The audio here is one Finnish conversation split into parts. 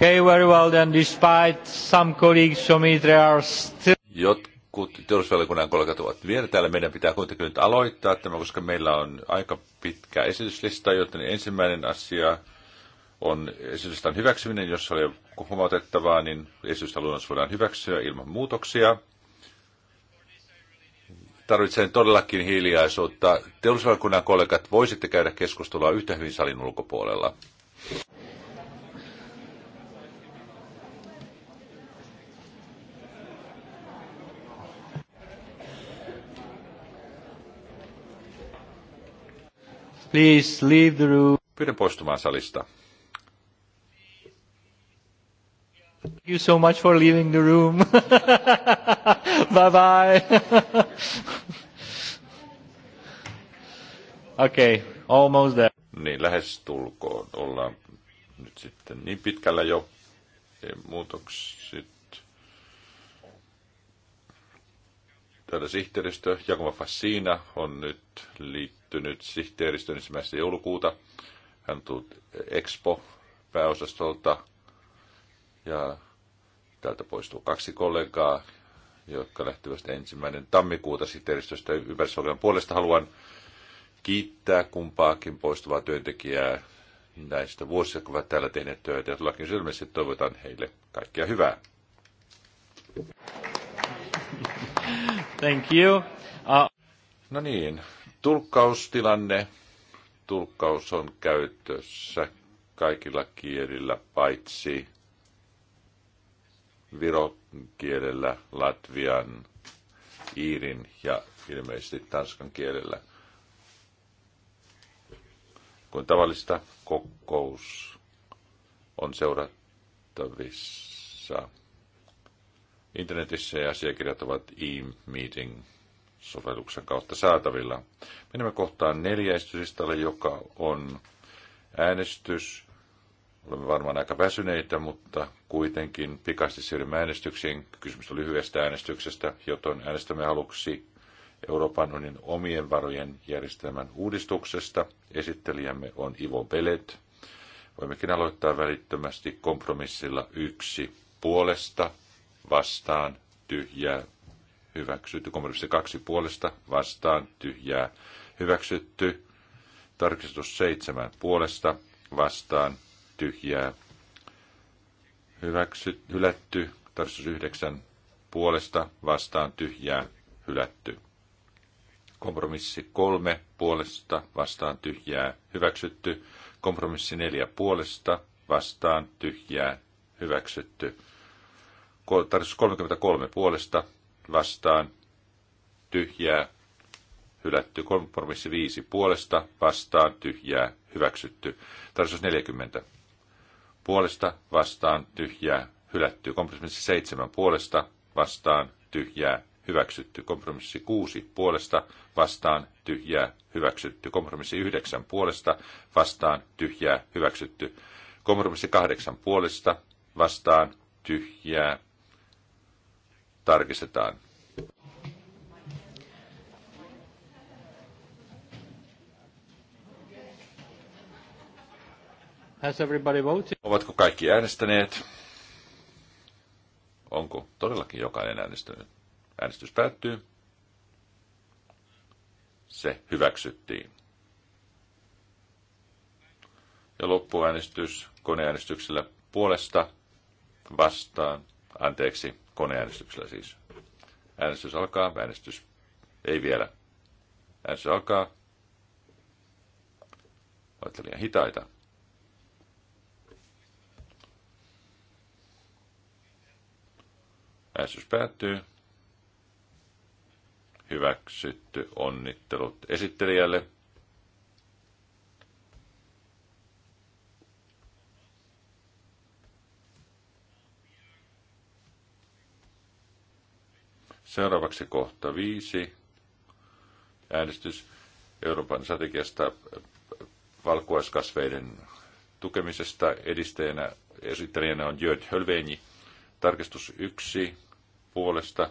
Okay, very well then, despite some colleagues from are still... Jotkut teollisuusvaliokunnan kollegat ovat vielä täällä. Meidän pitää kuitenkin nyt aloittaa tämä, koska meillä on aika pitkä esityslista, joten ensimmäinen asia on esityslistan hyväksyminen. Jos oli huomautettavaa, niin luonnos voidaan hyväksyä ilman muutoksia. Tarvitsen todellakin hiljaisuutta. Teollisuusvaliokunnan kollegat, voisitte käydä keskustelua yhtä hyvin salin ulkopuolella. Please leave the room. Pyydän poistumaan salista. Thank you so much for leaving the room. bye bye. okay, almost there. Niin, lähes tulkoon. Ollaan nyt sitten niin pitkällä jo muutokset. Täällä sihteeristö Jakoma Fassina on nyt liikkeellä päättynyt sihteeristön ensimmäistä joulukuuta. Hän on tullut Expo pääosastolta ja täältä poistuu kaksi kollegaa, jotka lähtevät ensimmäinen tammikuuta sihteeristöstä ympäristöohjelman puolesta. Haluan kiittää kumpaakin poistuvaa työntekijää näistä vuosista, kun ovat täällä tehneet töitä. Ja tullakin sylmästi toivotan heille kaikkia hyvää. Thank you. Uh... No niin, Tulkkaustilanne. Tulkkaus on käytössä kaikilla kielillä paitsi virokielellä, latvian, iirin ja ilmeisesti tanskan kielellä. Kun tavallista kokous on seurattavissa internetissä ja asiakirjat ovat e-meeting sovelluksen kautta saatavilla. Menemme kohtaan neljä esityslistalle, joka on äänestys. Olemme varmaan aika väsyneitä, mutta kuitenkin pikaisesti siirrymme äänestyksiin. Kysymys on lyhyestä äänestyksestä, joten äänestämme aluksi Euroopan unionin omien varojen järjestelmän uudistuksesta. Esittelijämme on Ivo Belet. Voimmekin aloittaa välittömästi kompromissilla yksi puolesta, vastaan, tyhjää, hyväksytty. Kompromissi kaksi puolesta vastaan tyhjää hyväksytty. Tarkistus seitsemän puolesta vastaan tyhjää hyväksy, hylätty. Tarkistus yhdeksän puolesta vastaan tyhjää hylätty. Kompromissi kolme puolesta vastaan tyhjää hyväksytty. Kompromissi neljä puolesta vastaan tyhjää hyväksytty. Tarkistus 33 puolesta vastaan, tyhjää, hylätty. Kompromissi viisi puolesta, vastaan, tyhjää, hyväksytty. tarkoitus 40 puolesta, vastaan, tyhjää, hylätty. Kompromissi seitsemän puolesta, vastaan, tyhjää, hyväksytty. Kompromissi kuusi puolesta, vastaan, tyhjää, hyväksytty. Kompromissi yhdeksän puolesta, vastaan, tyhjää, hyväksytty. Kompromissi kahdeksan puolesta, vastaan, tyhjää, tarkistetaan. Has everybody voted? Ovatko kaikki äänestäneet? Onko todellakin jokainen äänestänyt? Äänestys päättyy. Se hyväksyttiin. Ja loppuäänestys koneäänestyksellä puolesta vastaan, anteeksi, Koneäänestyksellä siis. Äänestys alkaa, äänestys ei vielä. Äänestys alkaa. Olette liian hitaita. Äänestys päättyy. Hyväksytty. Onnittelut esittelijälle. Seuraavaksi kohta viisi. Äänestys Euroopan strategiasta valkuaiskasveiden tukemisesta edisteenä esittelijänä on Jörg Hölveni. Tarkistus yksi puolesta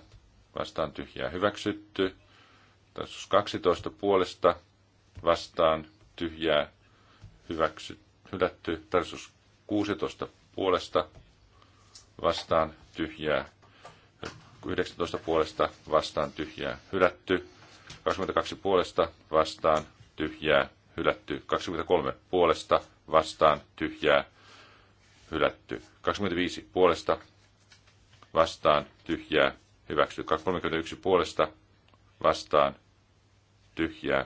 vastaan tyhjää hyväksytty. Tarkistus 12 puolesta vastaan tyhjää hyväksytty, hylätty. Tarkistus 16 puolesta vastaan tyhjää 19 puolesta vastaan tyhjää hylätty. 22 puolesta vastaan tyhjää hylätty. 23 puolesta vastaan tyhjää hylätty. 25 puolesta vastaan tyhjää hyväksytty. 31 puolesta vastaan tyhjää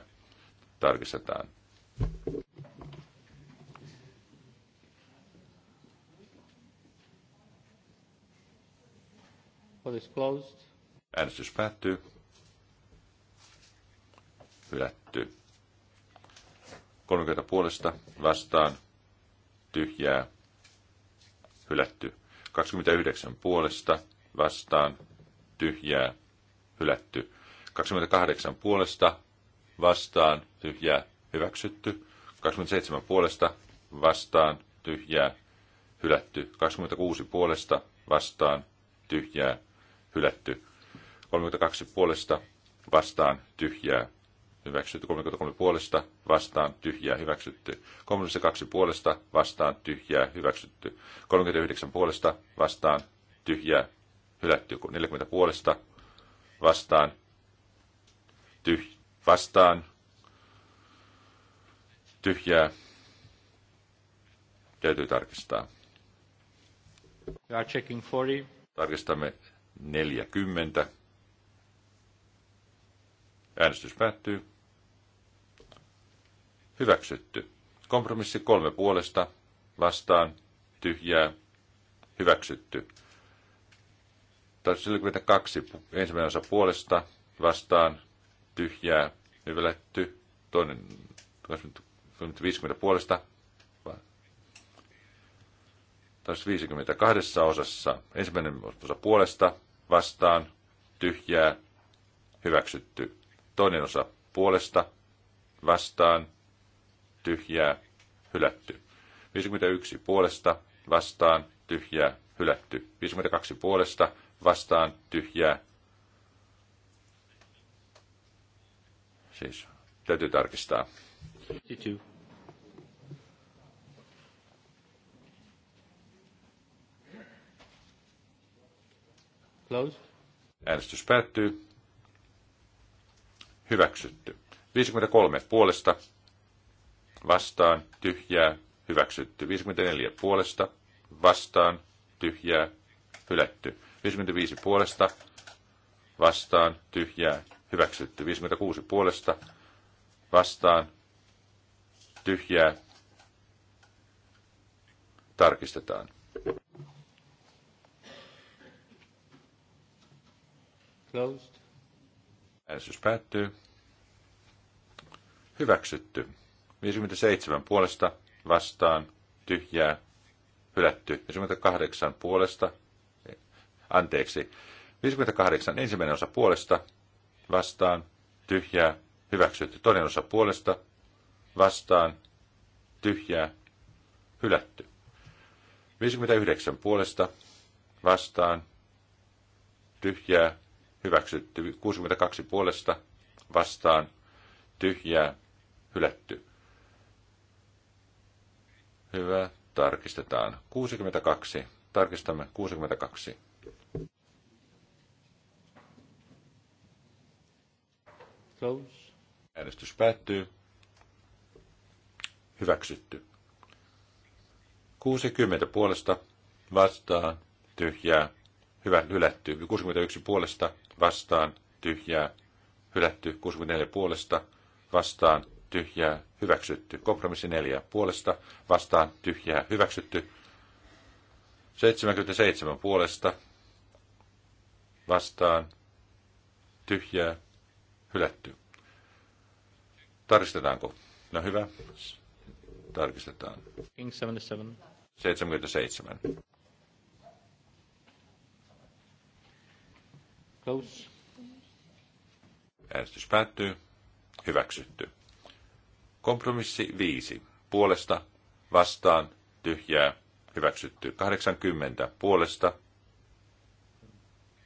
tarkistetaan. Vote is closed. Äänestys päättyy. Hylätty. 30 puolesta vastaan. Tyhjää. Hylätty. 29 puolesta vastaan. Tyhjää. Hylätty. 28 puolesta vastaan. Tyhjää. Hyväksytty. 27 puolesta vastaan. Tyhjää. Hylätty. 26 puolesta vastaan. Tyhjää hylätty. 32 puolesta vastaan tyhjää hyväksytty. 33 puolesta vastaan tyhjää hyväksytty. 32 puolesta vastaan tyhjää hyväksytty. 39 puolesta vastaan tyhjää hylätty. 40 puolesta vastaan tyh, vastaan tyhjää täytyy tarkistaa. We are checking 40. Tarkistamme 40. Äänestys päättyy. Hyväksytty. Kompromissi kolme puolesta. Vastaan. Tyhjää. Hyväksytty. 42. Ensimmäinen osa puolesta. Vastaan. Tyhjää. Hyväletty. Toinen 50 puolesta taas 52 osassa. Ensimmäinen osa puolesta, vastaan, tyhjää, hyväksytty. Toinen osa puolesta, vastaan, tyhjää, hylätty. 51 puolesta, vastaan, tyhjää, hylätty. 52 puolesta, vastaan, tyhjää. Siis täytyy tarkistaa. 52. Closed. Äänestys päättyy. Hyväksytty. 53 puolesta. Vastaan. Tyhjää. Hyväksytty. 54 puolesta. Vastaan. Tyhjää. Hylätty. 55 puolesta. Vastaan. Tyhjää. Hyväksytty. 56 puolesta. Vastaan. Tyhjää. Tarkistetaan. Closed. Äänestys päättyy. Hyväksytty. 57 puolesta vastaan tyhjää hylätty. 58 puolesta, anteeksi, 58 ensimmäinen osa puolesta vastaan tyhjää hyväksytty. Toinen osa puolesta vastaan tyhjää hylätty. 59 puolesta vastaan tyhjää hyväksytty. 62 puolesta vastaan tyhjää hylätty. Hyvä, tarkistetaan. 62. Tarkistamme 62. Close. Äänestys päättyy. Hyväksytty. 60 puolesta vastaan tyhjää. Hyvä, hylätty. 61 puolesta vastaan, tyhjää, hylätty. 64 puolesta, vastaan, tyhjää, hyväksytty. Kompromissi 4 puolesta, vastaan, tyhjää, hyväksytty. 77 puolesta, vastaan, tyhjää, hylätty. Tarkistetaanko? No hyvä. Tarkistetaan. 77. 77. Close. Äänestys päättyy. Hyväksytty. Kompromissi 5. Puolesta, vastaan, tyhjää, hyväksytty. 80. Puolesta,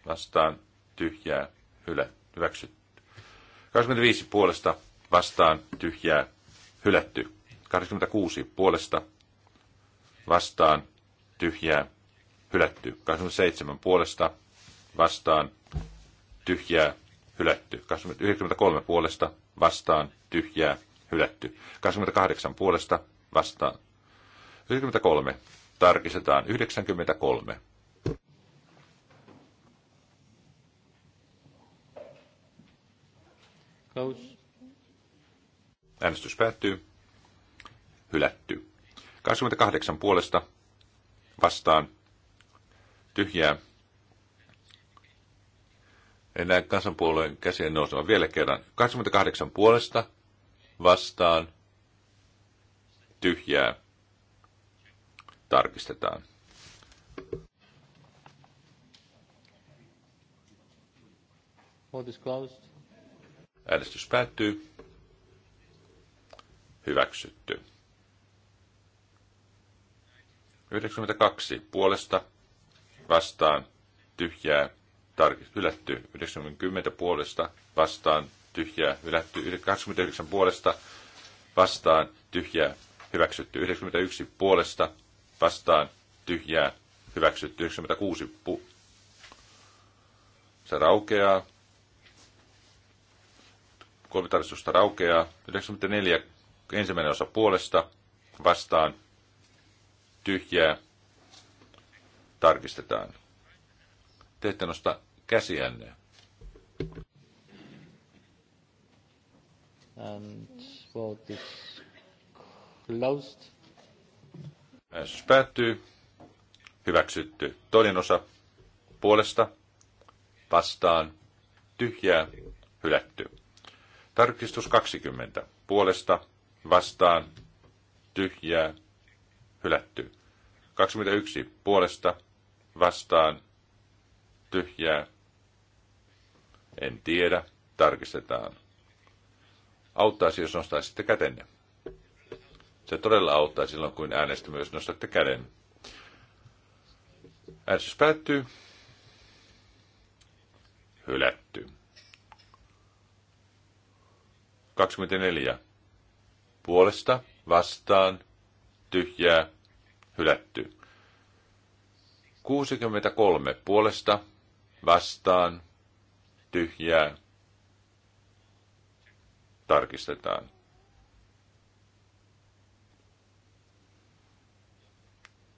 vastaan, tyhjää, hylä, hyväksytty. 25. Puolesta, vastaan, tyhjää, hylätty. 26. Puolesta, vastaan, tyhjää, hylätty. 27. Puolesta, vastaan tyhjää hylätty. 93 puolesta vastaan tyhjää hylätty. 28 puolesta vastaan. 93. Tarkistetaan 93. Close. Äänestys päättyy. Hylätty. 28 puolesta vastaan tyhjää näe kansanpuolueen käsien nousemaan vielä kerran. 28 puolesta vastaan tyhjää tarkistetaan. Äänestys päättyy. Hyväksytty. 92 puolesta vastaan tyhjää hylätty 90 puolesta vastaan tyhjää, hylätty 29 puolesta vastaan tyhjää, hyväksytty 91 puolesta vastaan tyhjää, hyväksytty 96 pu- Se raukeaa. Kolme tarkistusta raukeaa. 94 ensimmäinen osa puolesta vastaan tyhjää tarkistetaan. Te ette nosta käsiänne. And vote is closed. Äänestys päättyy. Hyväksytty. Toinen osa puolesta, vastaan, tyhjää, hylätty. Tarkistus 20. Puolesta, vastaan, tyhjää, hylätty. 21. Puolesta, vastaan, tyhjää, en tiedä. Tarkistetaan. Auttaisi, jos nostaisitte kätenne. Se todella auttaa silloin, kun äänestä myös nostatte käden. Äänestys päättyy. Hylätty. 24. Puolesta, vastaan, tyhjää, hylätty. 63. Puolesta, vastaan, tyhjää tarkistetaan.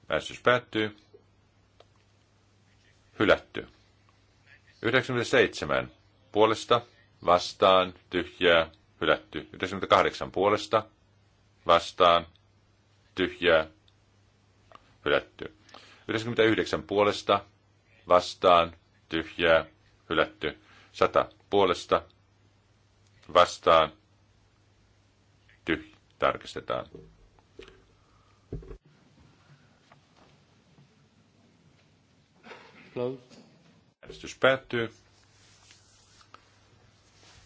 Äänestys päättyy. Hylätty. 97 puolesta, vastaan, tyhjää, hylätty. 98 puolesta, vastaan, tyhjää, hylätty. 99 puolesta, vastaan, tyhjää, hylätty. Sata puolesta vastaan tyhjä tarkistetaan. Äänestys päättyy.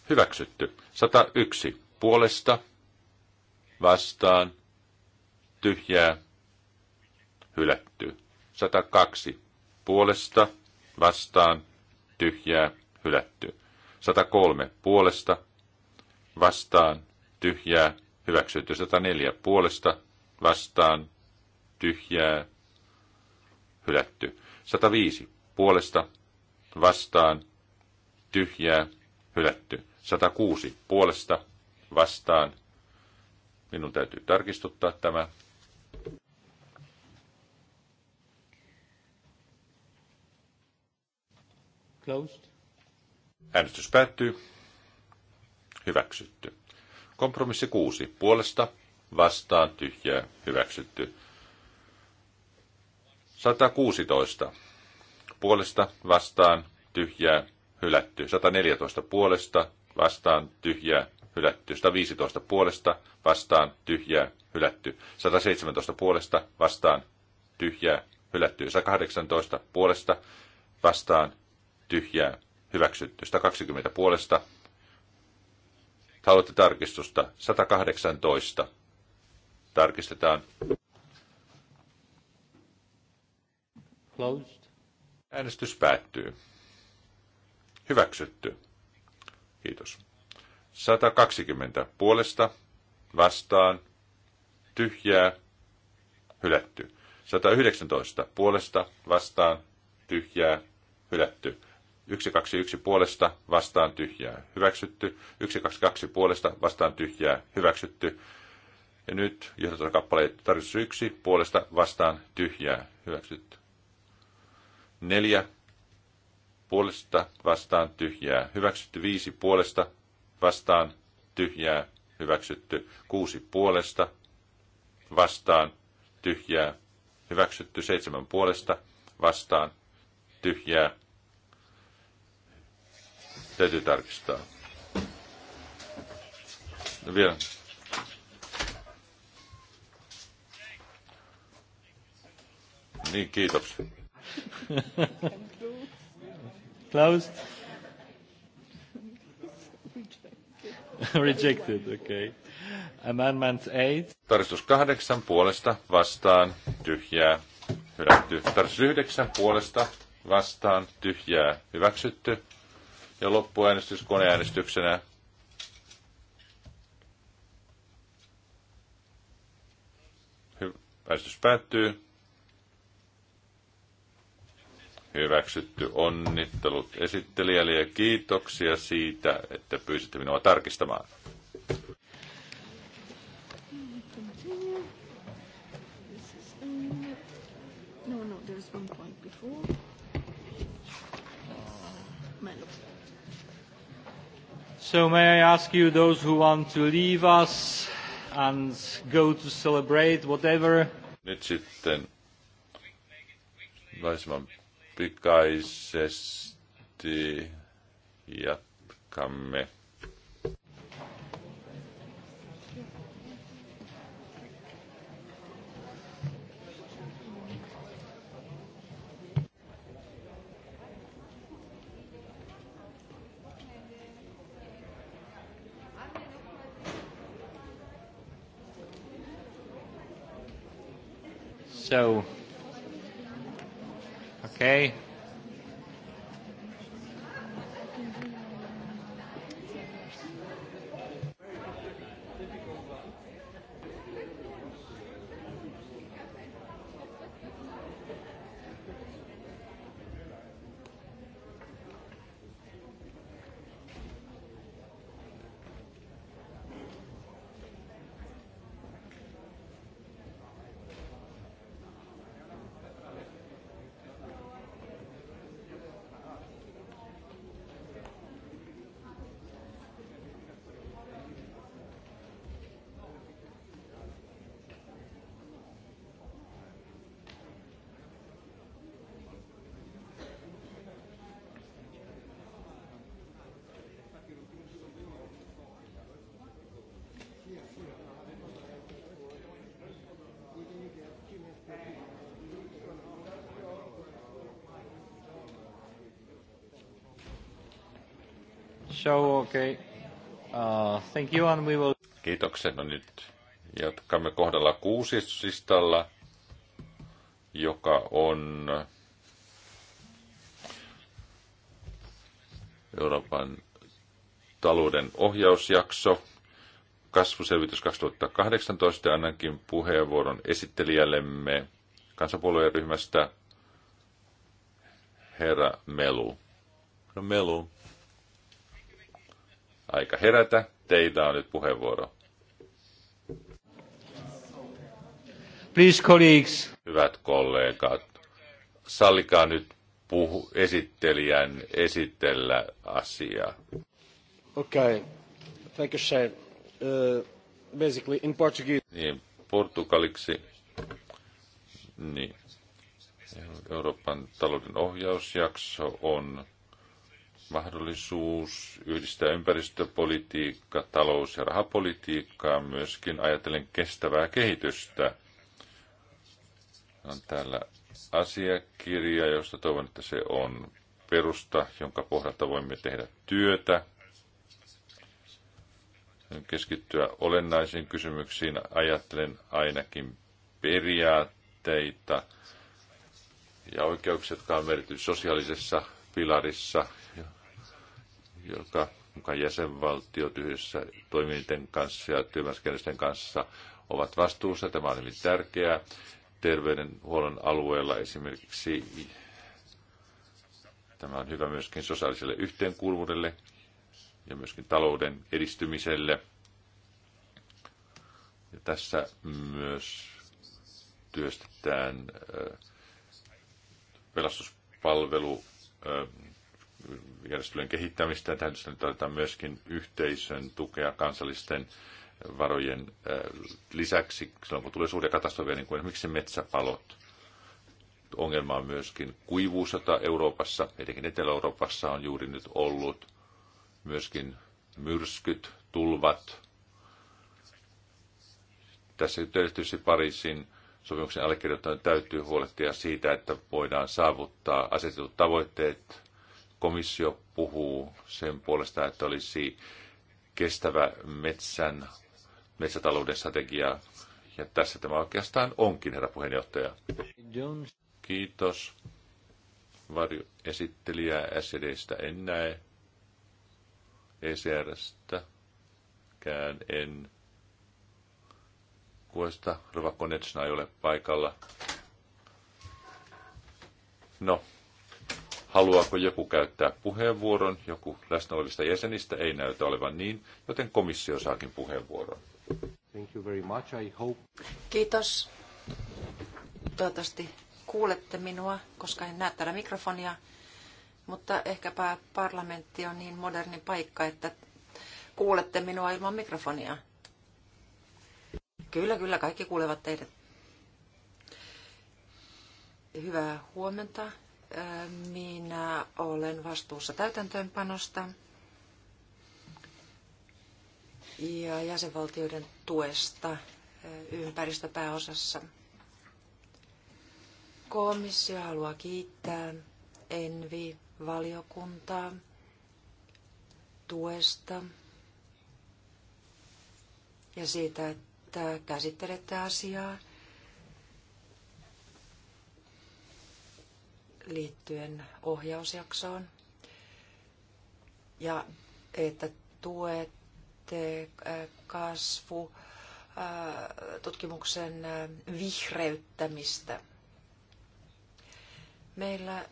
Hyväksytty. 101 puolesta vastaan tyhjää hylätty. 102 puolesta vastaan tyhjää hylätty. 103 puolesta, vastaan, tyhjää, hyväksytty. 104 puolesta, vastaan, tyhjää, hylätty. 105 puolesta, vastaan, tyhjää, hylätty. 106 puolesta, vastaan. Minun täytyy tarkistuttaa tämä. Closed. Äänestys päättyy. Hyväksytty. Kompromissi 6. Puolesta, vastaan, tyhjää, hyväksytty. 116. Puolesta, vastaan, tyhjää, hylätty. 114. Puolesta, vastaan, tyhjää, hylätty. 115. Puolesta, vastaan, tyhjää, hylätty. 117. Puolesta, vastaan, tyhjää, hylätty. 118. Puolesta, vastaan, tyhjää, hyväksytty. 120 puolesta. Haluatte tarkistusta? 118. Tarkistetaan. Closed. Äänestys päättyy. Hyväksytty. Kiitos. 120 puolesta, vastaan, tyhjää, hylätty. 119 puolesta, vastaan, tyhjää, hylätty. 121 puolesta vastaan tyhjää hyväksytty. 122 puolesta vastaan tyhjää hyväksytty. Ja nyt johdatuskappaleet tarkistus 1 puolesta vastaan tyhjää hyväksytty. 4 puolesta vastaan tyhjää hyväksytty. 5 puolesta vastaan tyhjää hyväksytty. 6 puolesta vastaan tyhjää hyväksytty. 7 puolesta vastaan tyhjää Täytyy tarkistaa. No vielä. Niin, kiitos. Klaus? Rejected, okay. Amendment 8. Tarkistus kahdeksan puolesta vastaan tyhjää hylätty. Tarkistus yhdeksän puolesta vastaan tyhjää hyväksytty ja loppuäänestys koneäänestyksenä. Äänestys päättyy. Hyväksytty. Onnittelut esittelijälle ja kiitoksia siitä, että pyysitte minua tarkistamaan. So may I ask you, those who want to leave us and go to celebrate whatever. Nyt sitten mahdollisimman pikaisesti jatkamme So, okay, show, okay. Uh, thank you and we will... Kiitokset. No nyt jatkamme kohdalla kuusisistalla, joka on Euroopan talouden ohjausjakso, kasvuselvitys 2018, annankin puheenvuoron esittelijällemme kansanpuolueen ryhmästä, herra Melu. No, Melu aika herätä. Teillä on nyt puheenvuoro. Please, colleagues. Hyvät kollegat, sallikaa nyt puhu, esittelijän esitellä asiaa. Okay. Thank you, Uh, basically in Portuguese. Niin, portugaliksi. Niin. Euroopan talouden ohjausjakso on mahdollisuus yhdistää ympäristöpolitiikka, talous- ja rahapolitiikkaa myöskin ajatellen kestävää kehitystä. On täällä asiakirja, josta toivon, että se on perusta, jonka pohjalta voimme tehdä työtä, keskittyä olennaisiin kysymyksiin, ajattelen ainakin periaatteita ja oikeuksia, jotka on merkitty sosiaalisessa pilarissa joka mukaan jäsenvaltiot yhdessä toimijoiden kanssa ja työmarkkinoiden kanssa ovat vastuussa. Tämä on hyvin tärkeää terveydenhuollon alueella esimerkiksi. Tämä on hyvä myöskin sosiaaliselle yhteenkuuluvuudelle ja myöskin talouden edistymiselle. Ja tässä myös työstetään pelastuspalvelu järjestelyjen kehittämistä ja tähän tarvitaan myöskin yhteisön tukea kansallisten varojen lisäksi, silloin kun tulee suuria katastrofeja, niin kuin esimerkiksi metsäpalot. Ongelma on myöskin kuivuus, jota Euroopassa, etenkin Etelä-Euroopassa on juuri nyt ollut. Myöskin myrskyt, tulvat. Tässä tietysti Pariisin sopimuksen allekirjoittajan täytyy huolehtia siitä, että voidaan saavuttaa asetetut tavoitteet komissio puhuu sen puolesta, että olisi kestävä metsän, metsätalouden strategia. Ja tässä tämä oikeastaan onkin, herra puheenjohtaja. Kiitos. Kiitos. esittelijä. SEDstä en näe. ECRstä kään en. Kuesta Rova Konetsna ei ole paikalla. No, Haluaako joku käyttää puheenvuoron? Joku läsnäolista jäsenistä ei näytä olevan niin, joten komissio saakin puheenvuoron. Thank you very much. I hope... Kiitos. Toivottavasti kuulette minua, koska en näe täällä mikrofonia, mutta ehkäpä parlamentti on niin moderni paikka, että kuulette minua ilman mikrofonia. Kyllä, kyllä, kaikki kuulevat teidät. Hyvää huomenta. Minä olen vastuussa täytäntöönpanosta ja jäsenvaltioiden tuesta ympäristöpääosassa. Komissio haluaa kiittää Envi-valiokuntaa tuesta ja siitä, että käsittelette asiaa liittyen ohjausjaksoon ja että tuette äh, kasvu äh, tutkimuksen äh, vihreyttämistä. Meillä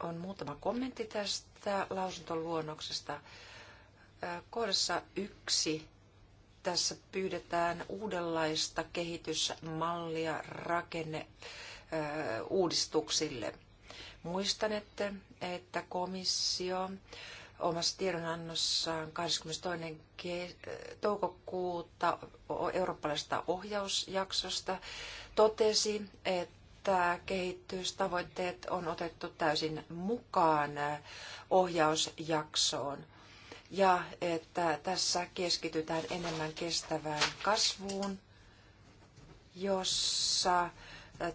on muutama kommentti tästä lausuntoluonnoksesta. Kohdassa yksi tässä pyydetään uudenlaista kehitysmallia rakenne uudistuksille – Muistanette, että komissio omassa tiedonannossaan 22. toukokuuta eurooppalaisesta ohjausjaksosta totesi, että kehitystavoitteet on otettu täysin mukaan ohjausjaksoon ja että tässä keskitytään enemmän kestävään kasvuun, jossa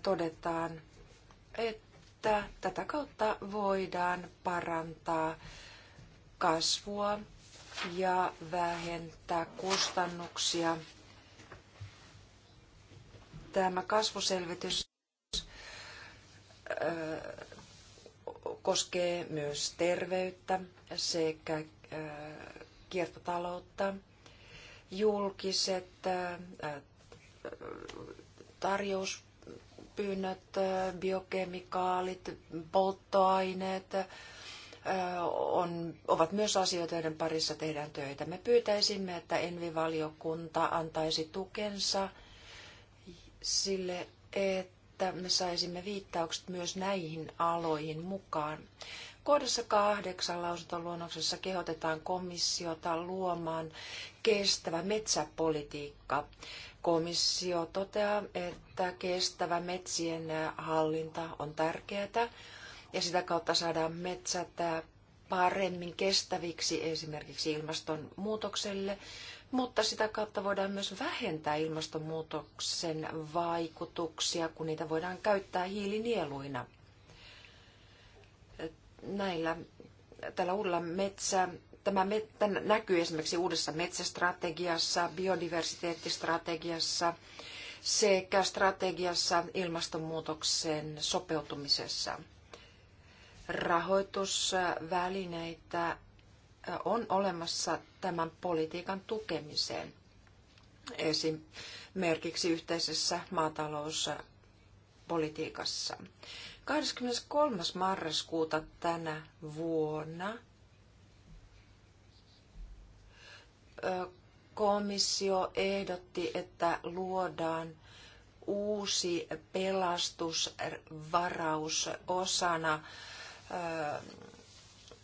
todetaan, että että tätä kautta voidaan parantaa kasvua ja vähentää kustannuksia. Tämä kasvuselvitys koskee myös terveyttä sekä kiertotaloutta. Julkiset tarjous pyynnöt, biokemikaalit, polttoaineet on, ovat myös asioita, joiden parissa tehdään töitä. Me pyytäisimme, että Envivaliokunta antaisi tukensa sille, että me saisimme viittaukset myös näihin aloihin mukaan. Kohdassa kahdeksan lausuntoluonnoksessa kehotetaan komissiota luomaan kestävä metsäpolitiikka. Komissio toteaa, että kestävä metsien hallinta on tärkeää ja sitä kautta saadaan metsät paremmin kestäviksi esimerkiksi ilmastonmuutokselle, mutta sitä kautta voidaan myös vähentää ilmastonmuutoksen vaikutuksia, kun niitä voidaan käyttää hiilinieluina näillä, tällä uudella metsä, tämä mettä näkyy esimerkiksi uudessa metsästrategiassa, biodiversiteettistrategiassa sekä strategiassa ilmastonmuutoksen sopeutumisessa. Rahoitusvälineitä äh, on olemassa tämän politiikan tukemiseen esimerkiksi yhteisessä maatalouspolitiikassa. 23. marraskuuta tänä vuonna komissio ehdotti, että luodaan uusi pelastusvaraus osana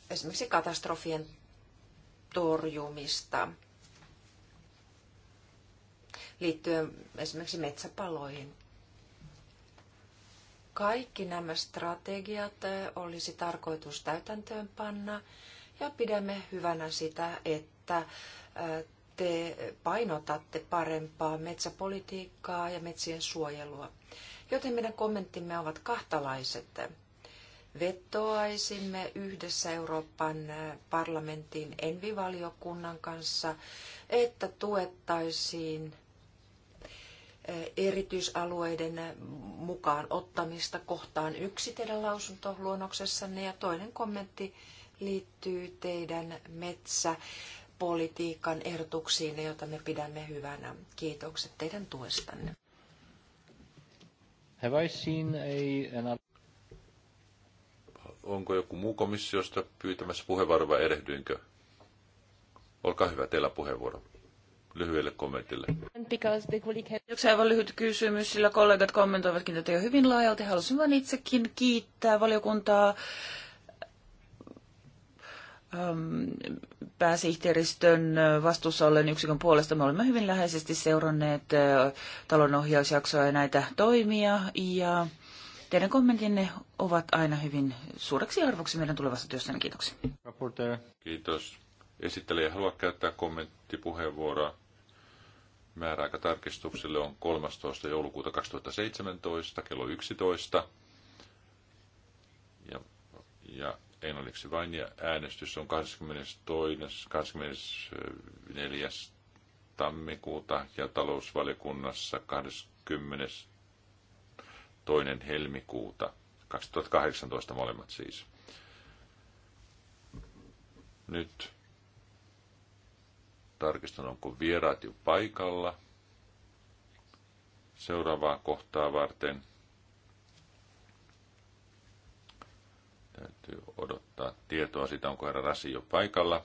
esimerkiksi katastrofien torjumista liittyen esimerkiksi metsäpaloihin. Kaikki nämä strategiat eh, olisi tarkoitus täytäntöön panna ja pidämme hyvänä sitä, että eh, te painotatte parempaa metsäpolitiikkaa ja metsien suojelua. Joten meidän kommenttimme ovat kahtalaiset. Vetoaisimme yhdessä Euroopan eh, parlamentin envivaliokunnan kanssa, että tuettaisiin erityisalueiden mukaan ottamista kohtaan yksi teidän lausuntoluonnoksessanne ja toinen kommentti liittyy teidän metsäpolitiikan ehdotuksiin, joita me pidämme hyvänä. Kiitokset teidän tuestanne. Have I seen a, an... Onko joku muu komissiosta pyytämässä puheenvuoroa vai erehdyinkö? Olkaa hyvä, teillä puheenvuoro lyhyelle kommentille. Yksi aivan lyhyt kysymys, sillä kollegat kommentoivatkin tätä jo hyvin laajalti. Halusin vain itsekin kiittää valiokuntaa ähm, pääsihteeristön vastuussa ollen yksikön puolesta. Me olemme hyvin läheisesti seuranneet äh, talonohjausjaksoa ja näitä toimia ja teidän kommentinne ovat aina hyvin suureksi arvoksi meidän tulevassa työssänne. Kiitoksia. Kiitos Esittelijä haluaa käyttää kommenttipuheenvuoroa. Määräaika tarkistukselle on 13. joulukuuta 2017 kello 11. Ja, ja englanniksi vain, ja äänestys on 22. 24. tammikuuta ja talousvaliokunnassa 22. helmikuuta 2018 molemmat siis. Nyt Tarkistan, onko vieraat jo paikalla seuraavaa kohtaa varten. Täytyy odottaa tietoa siitä, onko herra Rasi jo paikalla.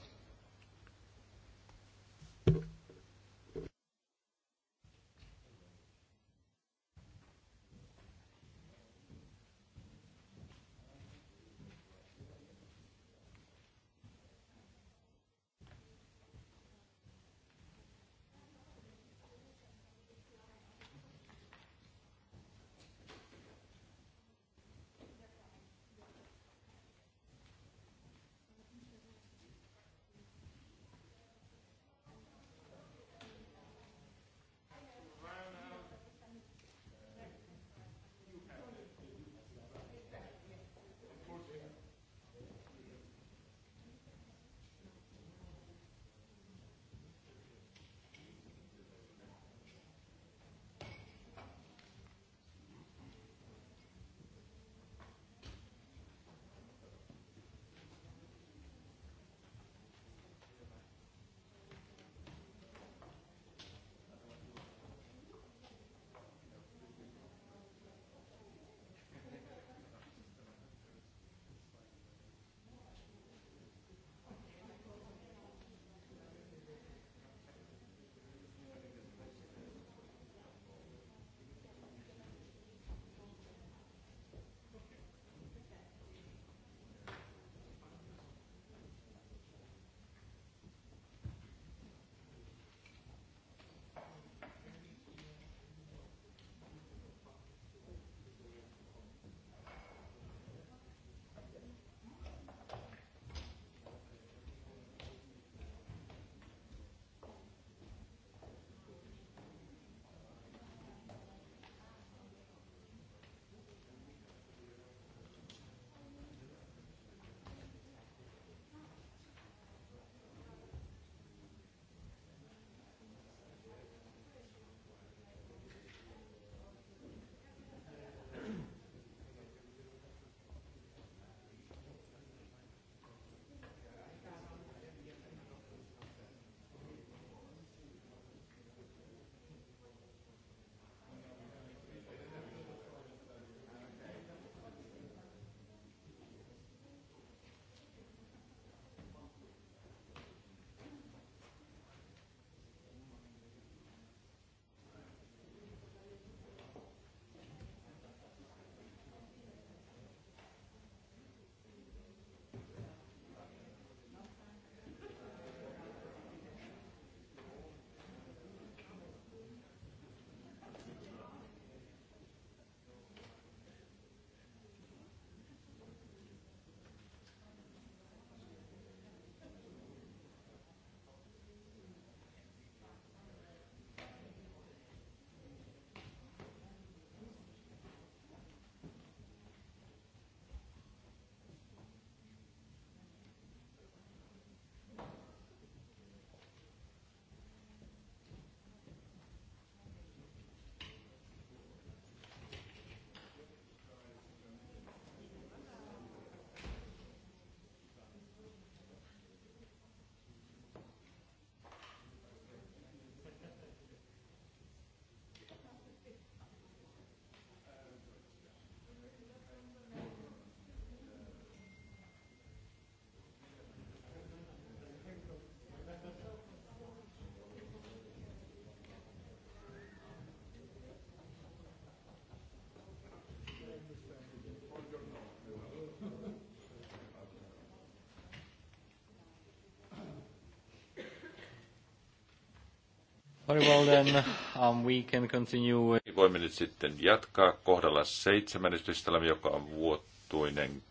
Very well then, um, we can continue. Niin voimme nyt sitten jatkaa kohdalla seitsännestystelmä, joka on vuotuinen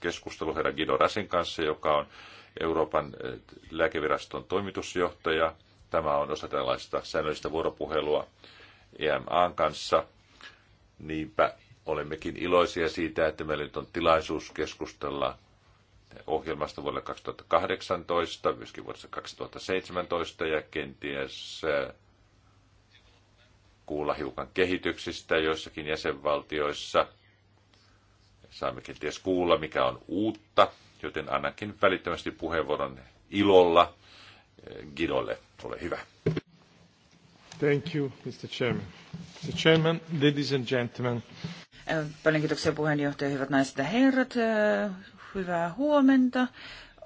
keskustelu herra Guido Rasin kanssa, joka on Euroopan eh, lääkeviraston toimitusjohtaja. Tämä on osa tällaista säännöllistä vuoropuhelua EMAn kanssa. Niinpä olemmekin iloisia siitä, että meillä nyt on tilaisuus keskustella ohjelmasta vuodelle 2018, myöskin vuodessa 2017 ja kenties äh, kuulla hiukan kehityksistä joissakin jäsenvaltioissa. Saamme kenties kuulla, mikä on uutta, joten annankin välittömästi puheenvuoron ilolla äh, Gidolle. Ole hyvä. Thank you, Mr. Chairman. Mr. Chairman, ladies and gentlemen. Äh, paljon kiitoksia puheenjohtaja, hyvät naiset ja herrat, hyvää huomenta.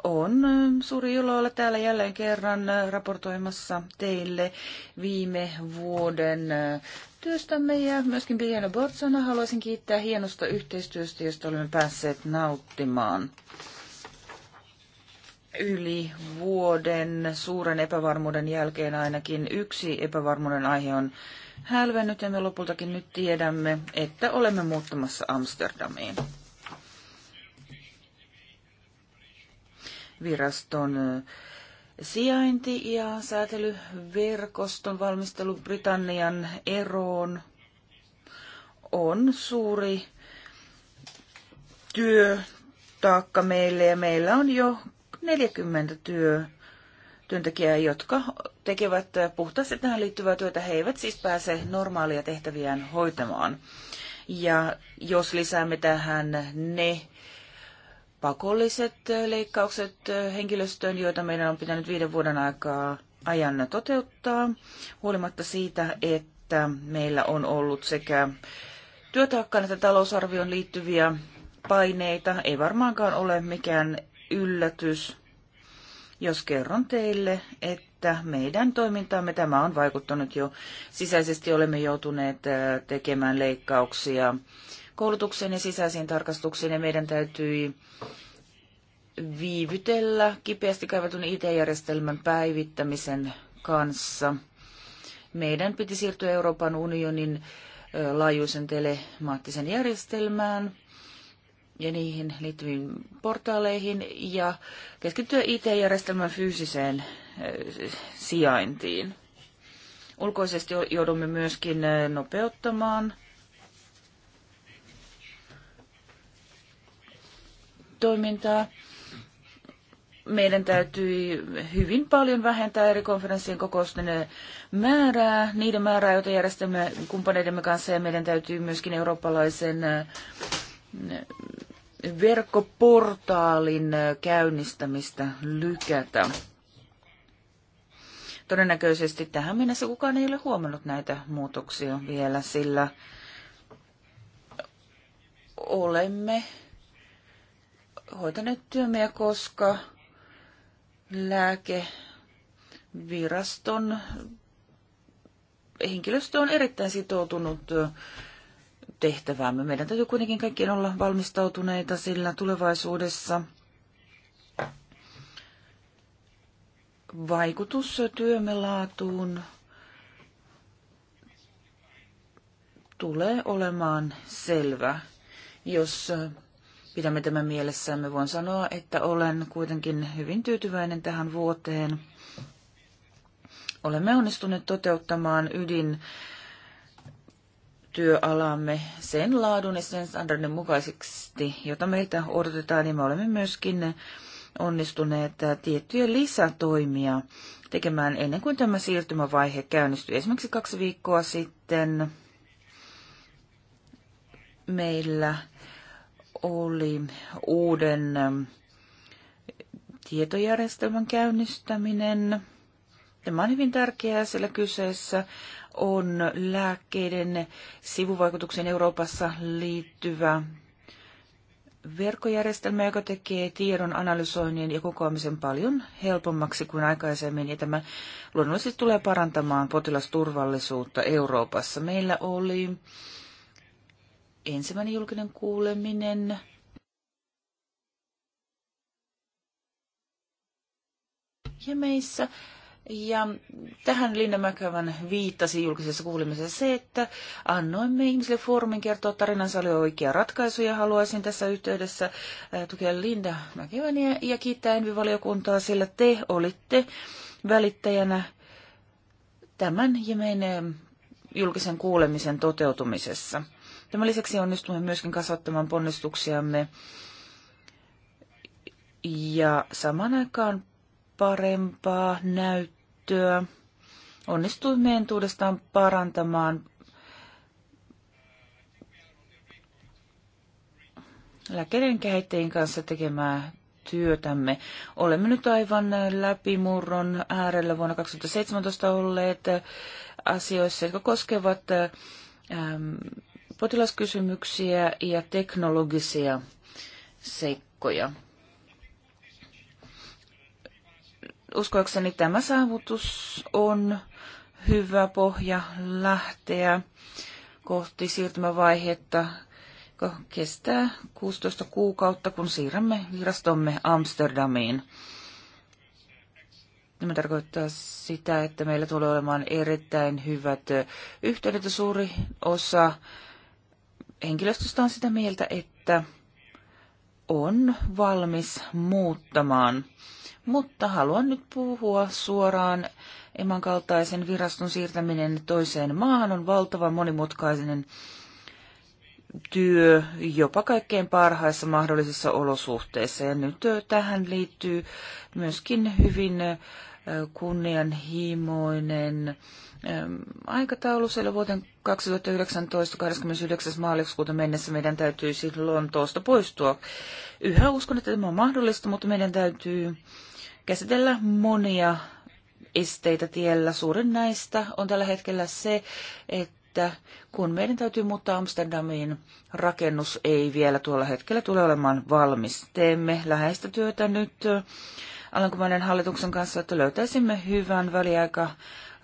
On suuri ilo olla täällä jälleen kerran raportoimassa teille viime vuoden työstämme ja myöskin Biljana Bortsana haluaisin kiittää hienosta yhteistyöstä, josta olemme päässeet nauttimaan yli vuoden suuren epävarmuuden jälkeen ainakin yksi epävarmuuden aihe on hälvennyt ja me lopultakin nyt tiedämme, että olemme muuttamassa Amsterdamiin. viraston sijainti ja säätelyverkoston valmistelu Britannian eroon on suuri työtaakka meille ja meillä on jo 40 työ, työntekijää, jotka tekevät puhtaasti tähän liittyvää työtä. He eivät siis pääse normaalia tehtäviään hoitamaan. Ja jos lisäämme tähän ne pakolliset leikkaukset henkilöstöön, joita meidän on pitänyt viiden vuoden aikaa ajan toteuttaa, huolimatta siitä, että meillä on ollut sekä työtaakkaan että talousarvioon liittyviä paineita. Ei varmaankaan ole mikään yllätys, jos kerron teille, että meidän toimintaamme tämä on vaikuttanut jo. Sisäisesti olemme joutuneet tekemään leikkauksia koulutukseen ja sisäisiin tarkastuksiin ja meidän täytyi viivytellä kipeästi kaivatun IT-järjestelmän päivittämisen kanssa. Meidän piti siirtyä Euroopan unionin laajuisen telemaattisen järjestelmään ja niihin liittyviin portaaleihin ja keskittyä IT-järjestelmän fyysiseen sijaintiin. Ulkoisesti joudumme myöskin nopeuttamaan toimintaa. Meidän täytyi hyvin paljon vähentää eri konferenssien kokousten määrää, niiden määrää, joita järjestämme kumppaneidemme kanssa, ja meidän täytyy myöskin eurooppalaisen äh, verkkoportaalin käynnistämistä lykätä. Todennäköisesti tähän mennessä kukaan ei ole huomannut näitä muutoksia vielä, sillä olemme hoitaneet työmiä, koska lääkeviraston henkilöstö on erittäin sitoutunut tehtäväämme. Meidän täytyy kuitenkin kaikkien olla valmistautuneita, sillä tulevaisuudessa vaikutus työmme laatuun tulee olemaan selvä, jos pidämme tämän mielessämme. Voin sanoa, että olen kuitenkin hyvin tyytyväinen tähän vuoteen. Olemme onnistuneet toteuttamaan ydin työalamme sen laadun ja sen standardin mukaisesti, jota meiltä odotetaan, niin me olemme myöskin onnistuneet tiettyjä lisätoimia tekemään ennen kuin tämä siirtymävaihe käynnistyi. Esimerkiksi kaksi viikkoa sitten meillä oli uuden ähm, tietojärjestelmän käynnistäminen. Tämä on hyvin tärkeää, sillä kyseessä on lääkkeiden sivuvaikutuksen Euroopassa liittyvä verkkojärjestelmä, joka tekee tiedon analysoinnin ja kokoamisen paljon helpommaksi kuin aikaisemmin, ja tämä luonnollisesti tulee parantamaan potilasturvallisuutta Euroopassa. Meillä oli ensimmäinen julkinen kuuleminen meissä. Ja tähän Linda Mäkävän viittasi julkisessa kuulemisessa se, että annoimme ihmisille foorumin kertoa tarinansa oli oikea ratkaisu ja haluaisin tässä yhteydessä äh, tukea Linda Mäkeväniä ja kiittää Envi-valiokuntaa, sillä te olitte välittäjänä tämän ja meidän julkisen kuulemisen toteutumisessa. Tämän lisäksi onnistumme myöskin kasvattamaan ponnistuksiamme ja saman aikaan parempaa näyttöä. Onnistuimme entuudestaan parantamaan lääkärin kehittäjien kanssa tekemää työtämme. Olemme nyt aivan läpimurron äärellä vuonna 2017 olleet asioissa, jotka koskevat ähm, potilaskysymyksiä ja teknologisia seikkoja. Uskoakseni tämä saavutus on hyvä pohja lähteä kohti siirtymävaihetta, joka kestää 16 kuukautta, kun siirrämme virastomme Amsterdamiin. Tämä tarkoittaa sitä, että meillä tulee olemaan erittäin hyvät yhteydet ja suuri osa henkilöstöstä on sitä mieltä, että on valmis muuttamaan. Mutta haluan nyt puhua suoraan. Eman kaltaisen viraston siirtäminen toiseen maahan on valtava monimutkainen työ jopa kaikkein parhaissa mahdollisissa olosuhteissa. Ja nyt tähän liittyy myöskin hyvin kunnianhimoinen aikataulu. Siellä vuoden 2019 29. maaliskuuta mennessä meidän täytyy sitten Lontoosta poistua. Yhä uskon, että tämä on mahdollista, mutta meidän täytyy käsitellä monia esteitä tiellä. Suurin näistä on tällä hetkellä se, että kun meidän täytyy muuttaa Amsterdamiin, rakennus ei vielä tuolla hetkellä tule olemaan valmis. Teemme läheistä työtä nyt alankomainen hallituksen kanssa, että löytäisimme hyvän väliaika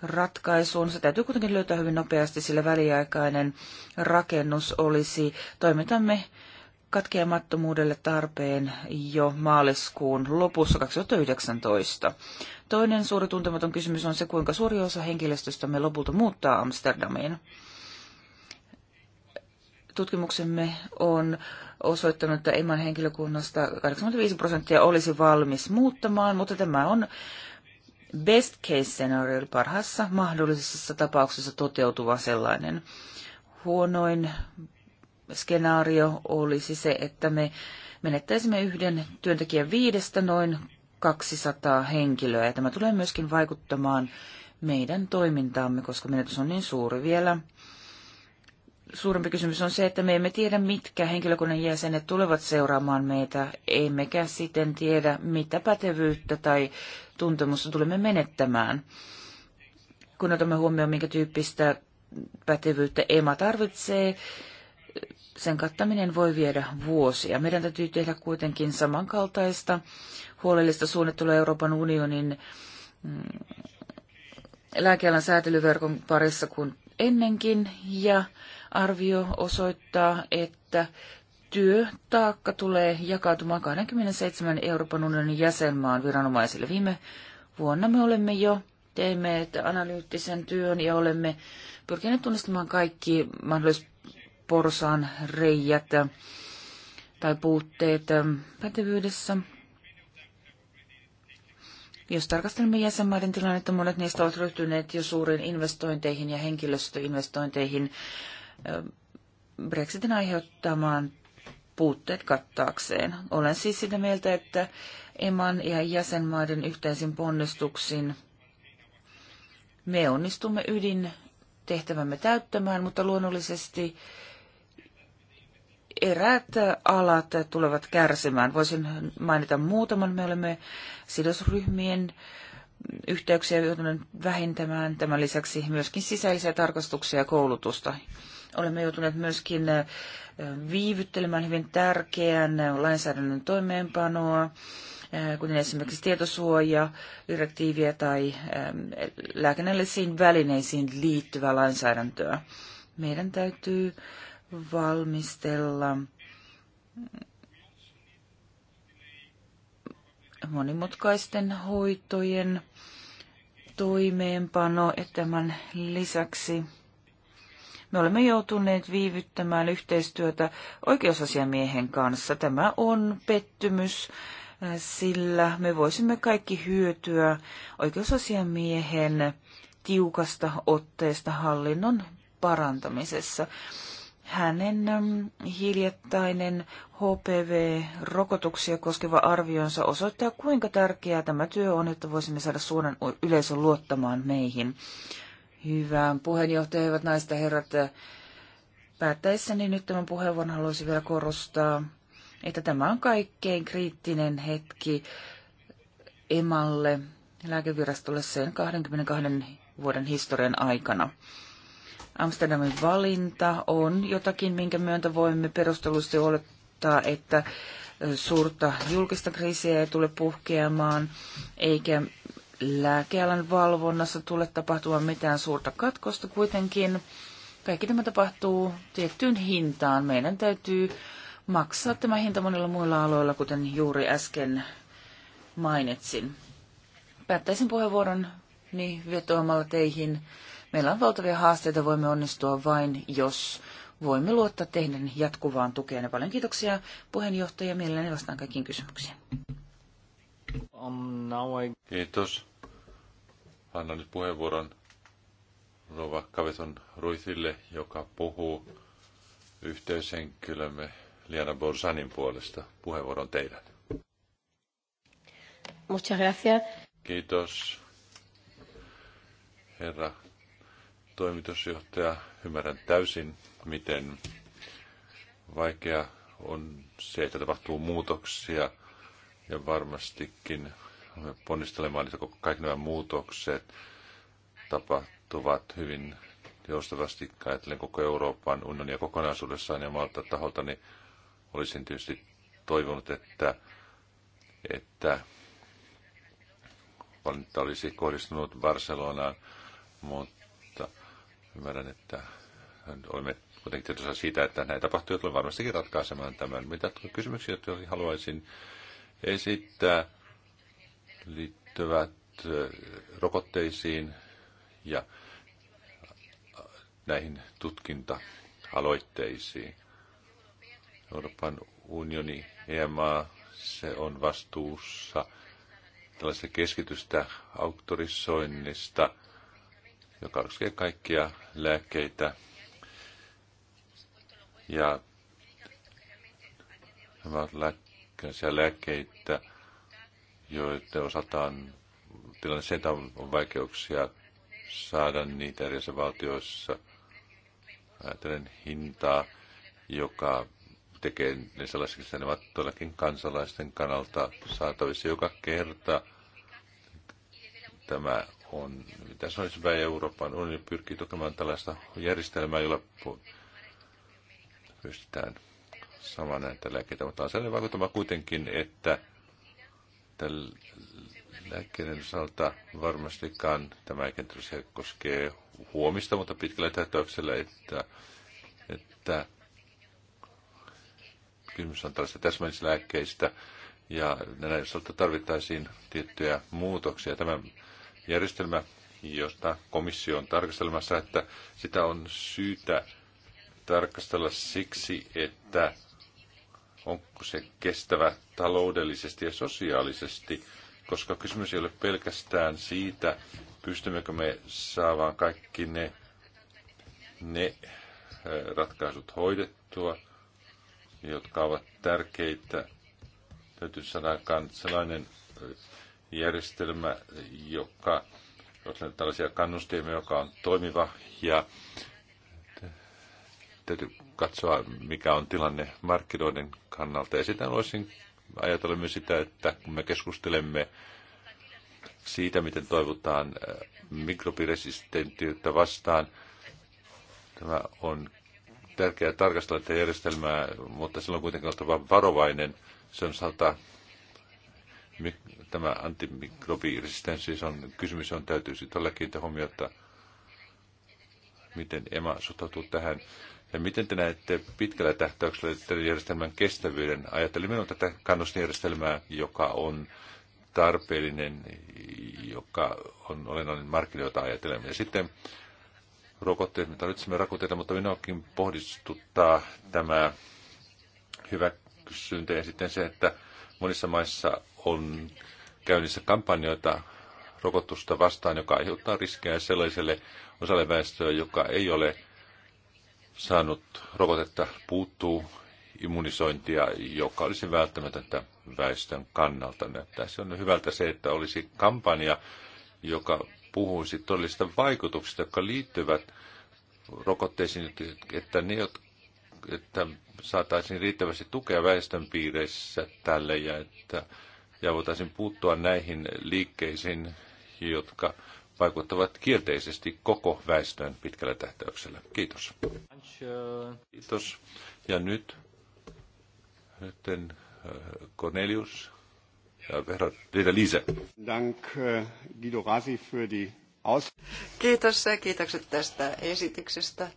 ratkaisuun. Se täytyy kuitenkin löytää hyvin nopeasti, sillä väliaikainen rakennus olisi toimintamme katkeamattomuudelle tarpeen jo maaliskuun lopussa 2019. Toinen suuri tuntematon kysymys on se, kuinka suuri osa henkilöstöstämme lopulta muuttaa Amsterdamiin tutkimuksemme on osoittanut, että Eman henkilökunnasta 85 prosenttia olisi valmis muuttamaan, mutta tämä on best case scenario parhaassa mahdollisessa tapauksessa toteutuva sellainen. Huonoin skenaario olisi se, että me menettäisimme yhden työntekijän viidestä noin 200 henkilöä ja tämä tulee myöskin vaikuttamaan meidän toimintaamme, koska menetys on niin suuri vielä suurempi kysymys on se, että me emme tiedä, mitkä henkilökunnan jäsenet tulevat seuraamaan meitä, emmekä siten tiedä, mitä pätevyyttä tai tuntemusta tulemme menettämään. Kun otamme huomioon, minkä tyyppistä pätevyyttä EMA tarvitsee, sen kattaminen voi viedä vuosia. Meidän täytyy tehdä kuitenkin samankaltaista huolellista suunnittelua Euroopan unionin mm, lääkealan säätelyverkon parissa kuin ennenkin, ja Arvio osoittaa, että työtaakka tulee jakautumaan 27 Euroopan unionin jäsenmaan viranomaisille. Viime vuonna me olemme jo teemme analyyttisen työn ja olemme pyrkineet tunnistamaan kaikki mahdolliset porsaan reijät tai puutteet pätevyydessä. Jos tarkastelemme jäsenmaiden tilannetta, monet niistä ovat ryhtyneet jo suuriin investointeihin ja henkilöstöinvestointeihin Brexitin aiheuttamaan puutteet kattaakseen. Olen siis sitä mieltä, että EMAN ja jäsenmaiden yhteisin ponnistuksin me onnistumme ydin tehtävämme täyttämään, mutta luonnollisesti eräät alat tulevat kärsimään. Voisin mainita muutaman. Me olemme sidosryhmien yhteyksiä joutuneet vähentämään. Tämän lisäksi myöskin sisäisiä tarkastuksia ja koulutusta. Olemme joutuneet myöskin viivyttelemään hyvin tärkeän lainsäädännön toimeenpanoa, kuten esimerkiksi tietosuoja, direktiiviä tai lääkinnällisiin välineisiin liittyvää lainsäädäntöä. Meidän täytyy valmistella mm, monimutkaisten hoitojen toimeenpano ja tämän lisäksi me olemme joutuneet viivyttämään yhteistyötä oikeusasiamiehen kanssa. Tämä on pettymys, äh, sillä me voisimme kaikki hyötyä oikeusasiamiehen tiukasta otteesta hallinnon parantamisessa. Hänen hiljattainen HPV-rokotuksia koskeva arvionsa osoittaa, kuinka tärkeää tämä työ on, että voisimme saada suunnan yleisön luottamaan meihin. Hyvä. Puheenjohtaja, hyvät naiset ja herrat. Päättäessäni nyt tämän puheenvuoron haluaisin vielä korostaa, että tämä on kaikkein kriittinen hetki emalle lääkevirastolle sen 22 vuoden historian aikana. Amsterdamin valinta on jotakin, minkä myöntä voimme perustellusti olettaa, että suurta julkista kriisiä ei tule puhkeamaan, eikä lääkealan valvonnassa tule tapahtua mitään suurta katkosta kuitenkin. Kaikki tämä tapahtuu tiettyyn hintaan. Meidän täytyy maksaa tämä hinta monilla muilla aloilla, kuten juuri äsken mainitsin. Päättäisin puheenvuoron niin vetoamalla teihin. Meillä on valtavia haasteita, voimme onnistua vain, jos voimme luottaa teidän jatkuvaan tukeen. Paljon kiitoksia puheenjohtaja, mielelläni vastaan kaikkiin kysymyksiin. Um, Kiitos. Annan nyt puheenvuoron Rova kaveton Ruisille, joka puhuu yhteyshenkilömme Liana Borsanin puolesta. Puheenvuoron teidän. Muchas gracias. Kiitos, herra toimitusjohtaja. Ymmärrän täysin, miten vaikea on se, että tapahtuu muutoksia – ja varmastikin ponnistelemaan, että kaikki nämä muutokset tapahtuvat hyvin joustavasti ajatellen koko Euroopan unionia kokonaisuudessaan ja maalta taholta, niin olisin tietysti toivonut, että, että valinta olisi kohdistunut Barcelonaan, mutta ymmärrän, että olemme kuitenkin tietoisia siitä, että näitä tapahtuu, tulee varmastikin ratkaisemaan tämän. Mitä kysymyksiä, joita haluaisin esittää, liittyvät äh, rokotteisiin ja näihin tutkinta-aloitteisiin. Euroopan unioni EMA, se on vastuussa tällaista keskitystä auktorisoinnista, joka koskee kaikkia lääkkeitä. Ja nämä ovat kaikenlaisia lääkkeitä, joiden osataan tilanne sen on vaikeuksia saada niitä eri valtioissa. Ajattelen hintaa, joka tekee ne sellaisiksi, että ne ovat todellakin kansalaisten kannalta saatavissa joka kerta. Tämä on, mitä se olisi Euroopan unioni pyrkii tukemaan tällaista järjestelmää, jolla pystytään samaa näitä lääkkeitä, mutta on sellainen vaikutelma kuitenkin, että tällä lääkkeiden osalta varmastikaan tämä kentys koskee huomista, mutta pitkällä tähtäyksellä, että, että kysymys on tällaista lääkkeistä ja näiden osalta tarvittaisiin tiettyjä muutoksia. Tämä järjestelmä, josta komissio on tarkastelemassa, että sitä on syytä tarkastella siksi, että onko se kestävä taloudellisesti ja sosiaalisesti, koska kysymys ei ole pelkästään siitä, pystymmekö me saamaan kaikki ne, ne ratkaisut hoidettua, jotka ovat tärkeitä. Täytyy saada sellainen järjestelmä, joka on tällaisia kannustimia, joka on toimiva ja täytyy katsoa, mikä on tilanne markkinoiden kannalta. Ja sitten olisin ajatella myös sitä, että kun me keskustelemme siitä, miten toivotaan äh, mikrobiresistenttiyttä vastaan, tämä on tärkeää tarkastella tätä järjestelmää, mutta silloin kuitenkin oltava varovainen. on osalta tämä antimikrobiresistenssi on kysymys, on täytyy sitten olla kiinnittää huomiota, miten EMA suhtautuu tähän. Ja miten te näette pitkällä tähtäyksellä järjestelmän kestävyyden? Ajattelin minun tätä kannustinjärjestelmää, joka on tarpeellinen, joka on olennainen markkinoita ajatellen. Ja sitten rokotteet, me tarvitsemme rokotteita, mutta minuakin pohdistuttaa tämä hyvä kysyntä ja sitten se, että monissa maissa on käynnissä kampanjoita rokotusta vastaan, joka aiheuttaa riskejä sellaiselle osalle väestöä, joka ei ole saanut rokotetta, puuttuu immunisointia, joka olisi välttämätöntä väestön kannalta. Tässä on hyvältä se, että olisi kampanja, joka puhuisi todellisista vaikutuksista, jotka liittyvät rokotteisiin, että, ne, että saataisiin riittävästi tukea väestön piireissä tälle ja että ja voitaisiin puuttua näihin liikkeisiin, jotka vaikuttavat kielteisesti koko väestön pitkällä tähtäyksellä. Kiitos. Kiitos. Ja nyt, nyt äh, Cornelius ja Vera Liise. Dank äh, Guido Rasi für die Kiitos ja kiitokset tästä esityksestä.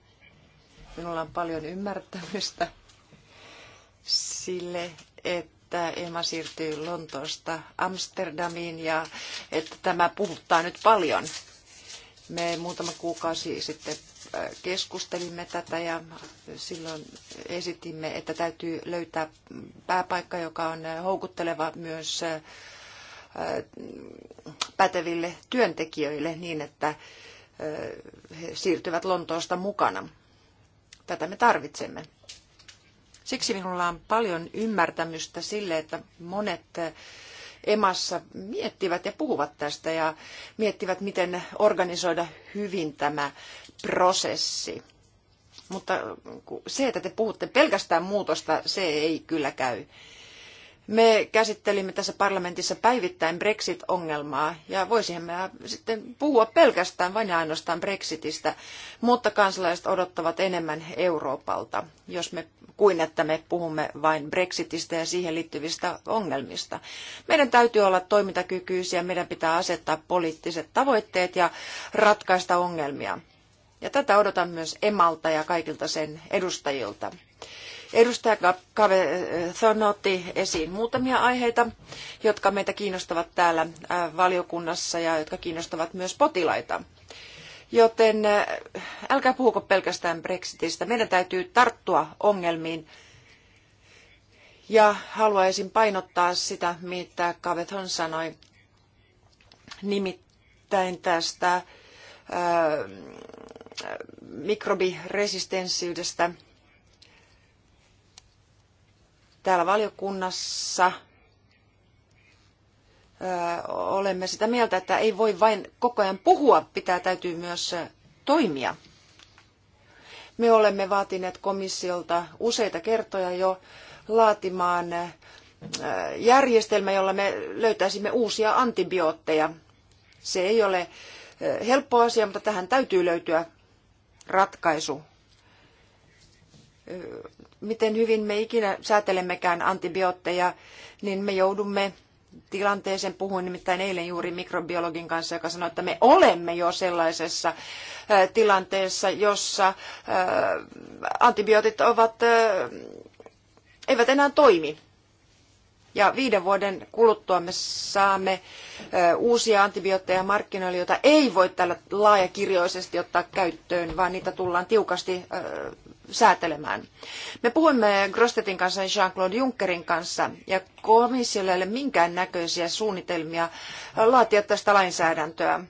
Minulla on paljon ymmärtämistä sille, että että Emma siirtyy Lontoosta Amsterdamiin ja että tämä puhuttaa nyt paljon. Me muutama kuukausi sitten äh, keskustelimme tätä ja silloin esitimme, että täytyy löytää pääpaikka, joka on houkutteleva myös äh, päteville työntekijöille niin, että äh, he siirtyvät Lontoosta mukana. Tätä me tarvitsemme. Siksi minulla on paljon ymmärtämystä sille, että monet emassa miettivät ja puhuvat tästä ja miettivät, miten organisoida hyvin tämä prosessi. Mutta se, että te puhutte pelkästään muutosta, se ei kyllä käy. Me käsittelimme tässä parlamentissa päivittäin Brexit-ongelmaa ja voisimme sitten puhua pelkästään vain ja ainoastaan Brexitistä, mutta kansalaiset odottavat enemmän Euroopalta, jos me kuin että me puhumme vain Brexitistä ja siihen liittyvistä ongelmista. Meidän täytyy olla toimintakykyisiä, meidän pitää asettaa poliittiset tavoitteet ja ratkaista ongelmia. Ja tätä odotan myös Emalta ja kaikilta sen edustajilta. Edustaja Kaveson äh, otti esiin muutamia aiheita, jotka meitä kiinnostavat täällä äh, valiokunnassa ja jotka kiinnostavat myös potilaita. Joten äh, älkää puhuko pelkästään Brexitistä. Meidän täytyy tarttua ongelmiin. Ja haluaisin painottaa sitä, mitä Kaveton sanoi, nimittäin tästä mikrobiresistenssyydstä – täällä valiokunnassa olemme sitä mieltä, että ei voi vain koko ajan puhua, pitää täytyy myös toimia. Me olemme vaatineet komissiolta useita kertoja jo laatimaan järjestelmä, jolla me löytäisimme uusia antibiootteja. Se ei ole helppo asia, mutta tähän täytyy löytyä ratkaisu miten hyvin me ikinä säätelemmekään antibiootteja, niin me joudumme tilanteeseen. Puhuin nimittäin eilen juuri mikrobiologin kanssa, joka sanoi, että me olemme jo sellaisessa tilanteessa, jossa antibiootit ovat, eivät enää toimi. Ja viiden vuoden kuluttua me saamme uusia antibiootteja markkinoille, joita ei voi tällä laajakirjoisesti ottaa käyttöön, vaan niitä tullaan tiukasti säätelemään. Me puhuimme Grostetin kanssa ja Jean-Claude Junckerin kanssa, ja komissiolle ei ole minkään näköisiä suunnitelmia laatia tästä lainsäädäntöä.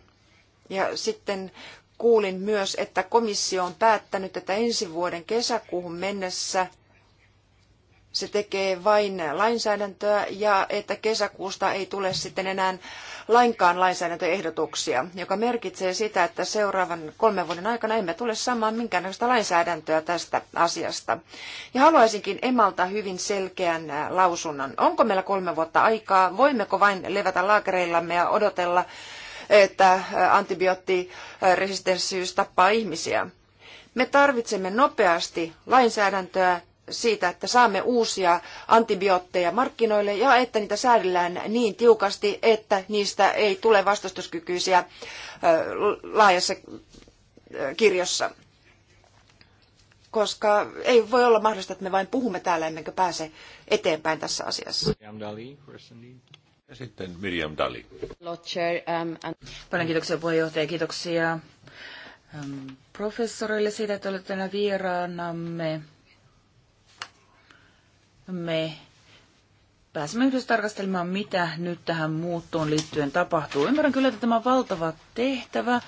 Ja sitten kuulin myös, että komissio on päättänyt, että ensi vuoden kesäkuuhun mennessä – se tekee vain lainsäädäntöä ja että kesäkuusta ei tule sitten enää lainkaan lainsäädäntöehdotuksia, joka merkitsee sitä, että seuraavan kolmen vuoden aikana emme tule saamaan minkäännäköistä lainsäädäntöä tästä asiasta. Ja haluaisinkin emalta hyvin selkeän lausunnon. Onko meillä kolme vuotta aikaa? Voimmeko vain levätä laakereillamme ja odotella, että antibioottiresistenssiys tappaa ihmisiä? Me tarvitsemme nopeasti lainsäädäntöä siitä, että saamme uusia antibiootteja markkinoille ja että niitä säädellään niin tiukasti, että niistä ei tule vastustuskykyisiä laajassa kirjossa. Koska ei voi olla mahdollista, että me vain puhumme täällä, emmekä pääse eteenpäin tässä asiassa. Ja sitten Miriam Dali. Um, Paljon kiitoksia puheenjohtaja, kiitoksia um, professorille siitä, että olette tänä vieraanamme me pääsemme yhdessä tarkastelemaan, mitä nyt tähän muuttoon liittyen tapahtuu. Ymmärrän kyllä, että tämä on valtava tehtävä.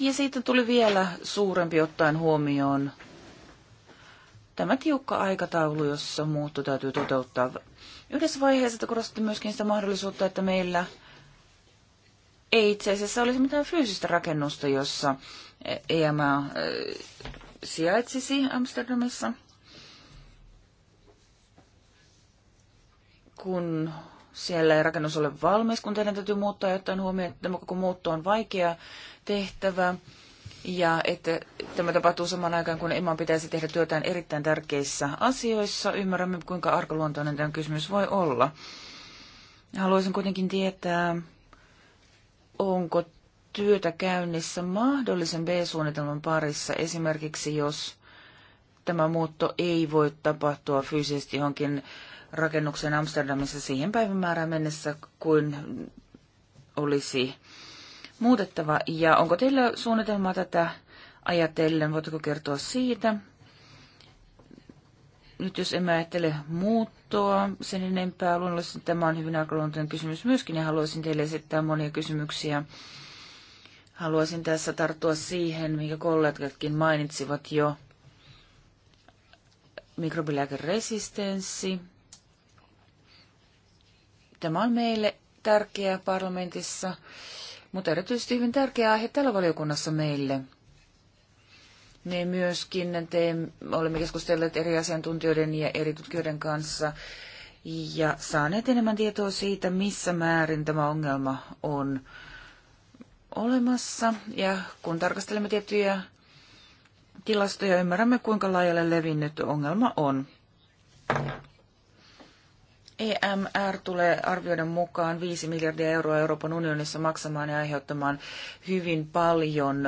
Ja siitä tuli vielä suurempi ottaen huomioon tämä tiukka aikataulu, jossa muutto täytyy toteuttaa. Yhdessä vaiheessa te korostitte myöskin sitä mahdollisuutta, että meillä ei itse asiassa olisi mitään fyysistä rakennusta, jossa EMA sijaitsisi Amsterdamissa. kun siellä ei rakennus ole valmis, kun teidän täytyy muuttaa ja ottaa huomioon, että tämä koko muutto on vaikea tehtävä. Ja että tämä tapahtuu samaan aikaan, kun Iman pitäisi tehdä työtään erittäin tärkeissä asioissa. Ymmärrämme, kuinka arkaluontoinen tämä kysymys voi olla. Haluaisin kuitenkin tietää, onko työtä käynnissä mahdollisen B-suunnitelman parissa, esimerkiksi jos tämä muutto ei voi tapahtua fyysisesti johonkin rakennuksen Amsterdamissa siihen päivämäärään mennessä, kuin olisi muutettava. Ja onko teillä suunnitelmaa tätä ajatellen? Voitteko kertoa siitä? Nyt jos emme ajattele muuttoa sen enempää, luonnollisesti tämä on hyvin arkaluontoinen kysymys myöskin, ja haluaisin teille esittää monia kysymyksiä. Haluaisin tässä tarttua siihen, minkä kollegatkin mainitsivat jo mikrobilääkeresistenssi. Tämä on meille tärkeä parlamentissa, mutta erityisesti hyvin tärkeä aihe tällä valiokunnassa meille. Me myöskin teemme, olemme keskustelleet eri asiantuntijoiden ja eri tutkijoiden kanssa ja saaneet enemmän tietoa siitä, missä määrin tämä ongelma on olemassa. Ja kun tarkastelemme tiettyjä ja ymmärrämme, kuinka laajalle levinnyt ongelma on. EMR tulee arvioiden mukaan 5 miljardia euroa Euroopan unionissa maksamaan ja aiheuttamaan hyvin paljon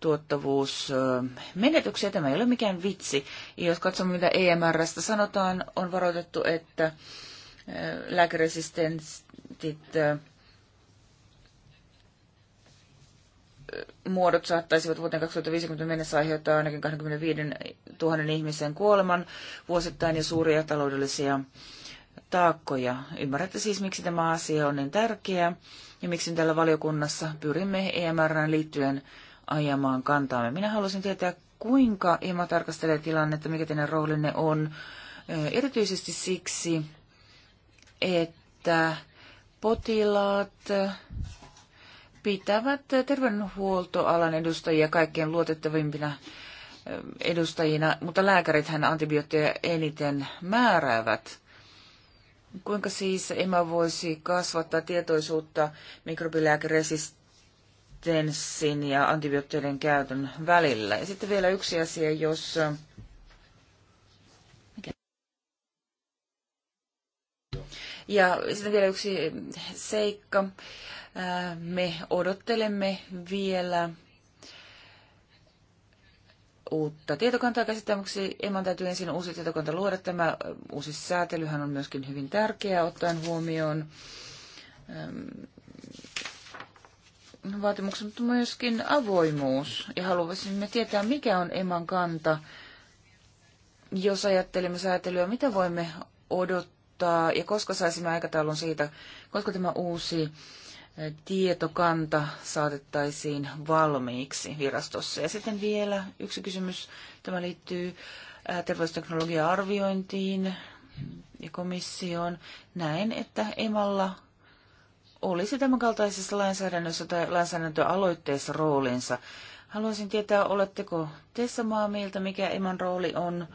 tuottavuusmenetyksiä. Tämä ei ole mikään vitsi. Jos katsomme, mitä EMRstä sanotaan, on varoitettu, että lääkeresistentit muodot saattaisivat vuoteen 2050 mennessä aiheuttaa ainakin 25 000 ihmisen kuoleman vuosittain ja suuria taloudellisia taakkoja. Ymmärrätte siis, miksi tämä asia on niin tärkeä ja miksi tällä valiokunnassa pyrimme EMRään liittyen ajamaan kantaamme. Minä haluaisin tietää, kuinka EMA tarkastelee tilannetta, mikä teidän roolinne on, eh, erityisesti siksi, että potilaat pitävät terveydenhuoltoalan edustajia kaikkein luotettavimpina ähm, edustajina, mutta lääkärithän antibiootteja eniten määräävät. Kuinka siis emä voisi kasvattaa tietoisuutta mikrobilääkeresistenssin ja antibiootteiden käytön välillä? Ja sitten vielä yksi asia, jos Ja sitten vielä yksi seikka. Äh, me odottelemme vielä uutta tietokantaa käsittämyksi. Eman täytyy ensin uusi tietokanta luoda. Tämä uusi säätelyhän on myöskin hyvin tärkeää ottaen huomioon ähm, vaatimukset, mutta myöskin avoimuus. Ja haluaisimme tietää, mikä on Eman kanta, jos ajattelemme säätelyä, mitä voimme odottaa mutta, ja koska saisimme aikataulun siitä, koska tämä uusi eh, tietokanta saatettaisiin valmiiksi virastossa. Ja sitten vielä yksi kysymys, tämä liittyy eh, terveysteknologia-arviointiin ja komissioon. Näen, että EMAlla olisi tämänkaltaisessa lainsäädännössä tai lainsäädäntöaloitteessa roolinsa. Haluaisin tietää, oletteko te samaa mieltä, mikä EMAn rooli on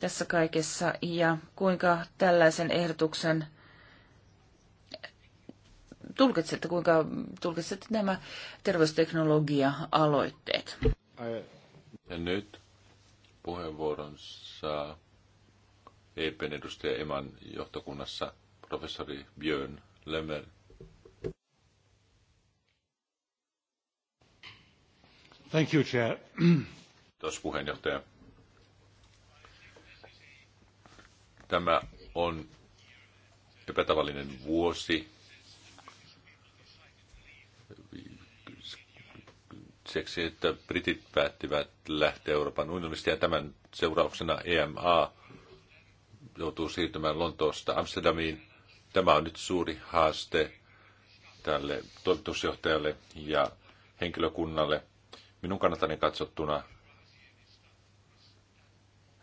tässä kaikessa ja kuinka tällaisen ehdotuksen tulkitsette, kuinka tulkitsette nämä terveysteknologia-aloitteet? Ja nyt puheenvuoron saa EPn edustaja Eman johtokunnassa professori Björn Lemmer. Thank you, Chair. Kiitos puheenjohtaja. Tämä on epätavallinen vuosi. Seksi, että britit päättivät lähteä Euroopan unionista ja tämän seurauksena EMA joutuu siirtymään Lontoosta Amsterdamiin. Tämä on nyt suuri haaste tälle toimitusjohtajalle ja henkilökunnalle. Minun kannaltani katsottuna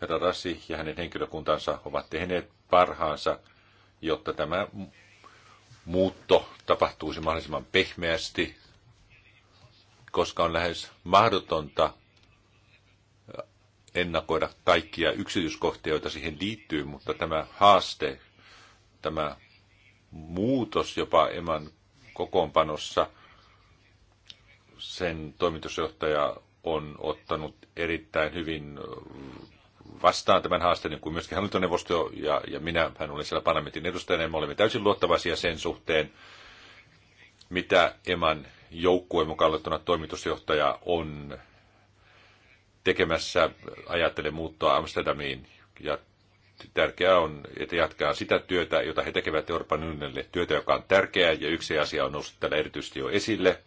Herra Rassi ja hänen henkilökuntansa ovat tehneet parhaansa, jotta tämä muutto tapahtuisi mahdollisimman pehmeästi, koska on lähes mahdotonta äh, ennakoida kaikkia yksityiskohtia, joita siihen liittyy, mutta tämä haaste, tämä muutos jopa emän kokoonpanossa, sen toimitusjohtaja on ottanut erittäin hyvin vastaan tämän haasteen, niin kuin myöskin hallintoneuvosto ja, ja minä, hän oli siellä parlamentin edustajana, ja me olimme täysin luottavaisia sen suhteen, mitä Eman joukkueen mukaan luettuna toimitusjohtaja on tekemässä, ajattelee muuttaa Amsterdamiin. Ja tärkeää on, että jatkaa sitä työtä, jota he tekevät Euroopan unionille, työtä, joka on tärkeää, ja yksi asia on noussut täällä erityisesti jo esille,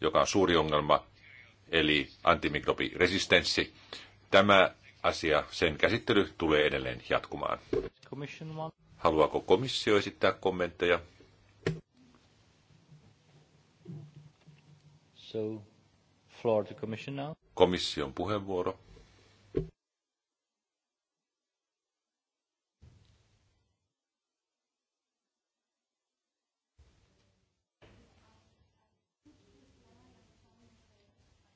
joka on suuri ongelma, eli antimikrobiresistenssi. Tämä asia, sen käsittely tulee edelleen jatkumaan. Haluaako komissio esittää kommentteja? So, floor to commission now. Komission puheenvuoro.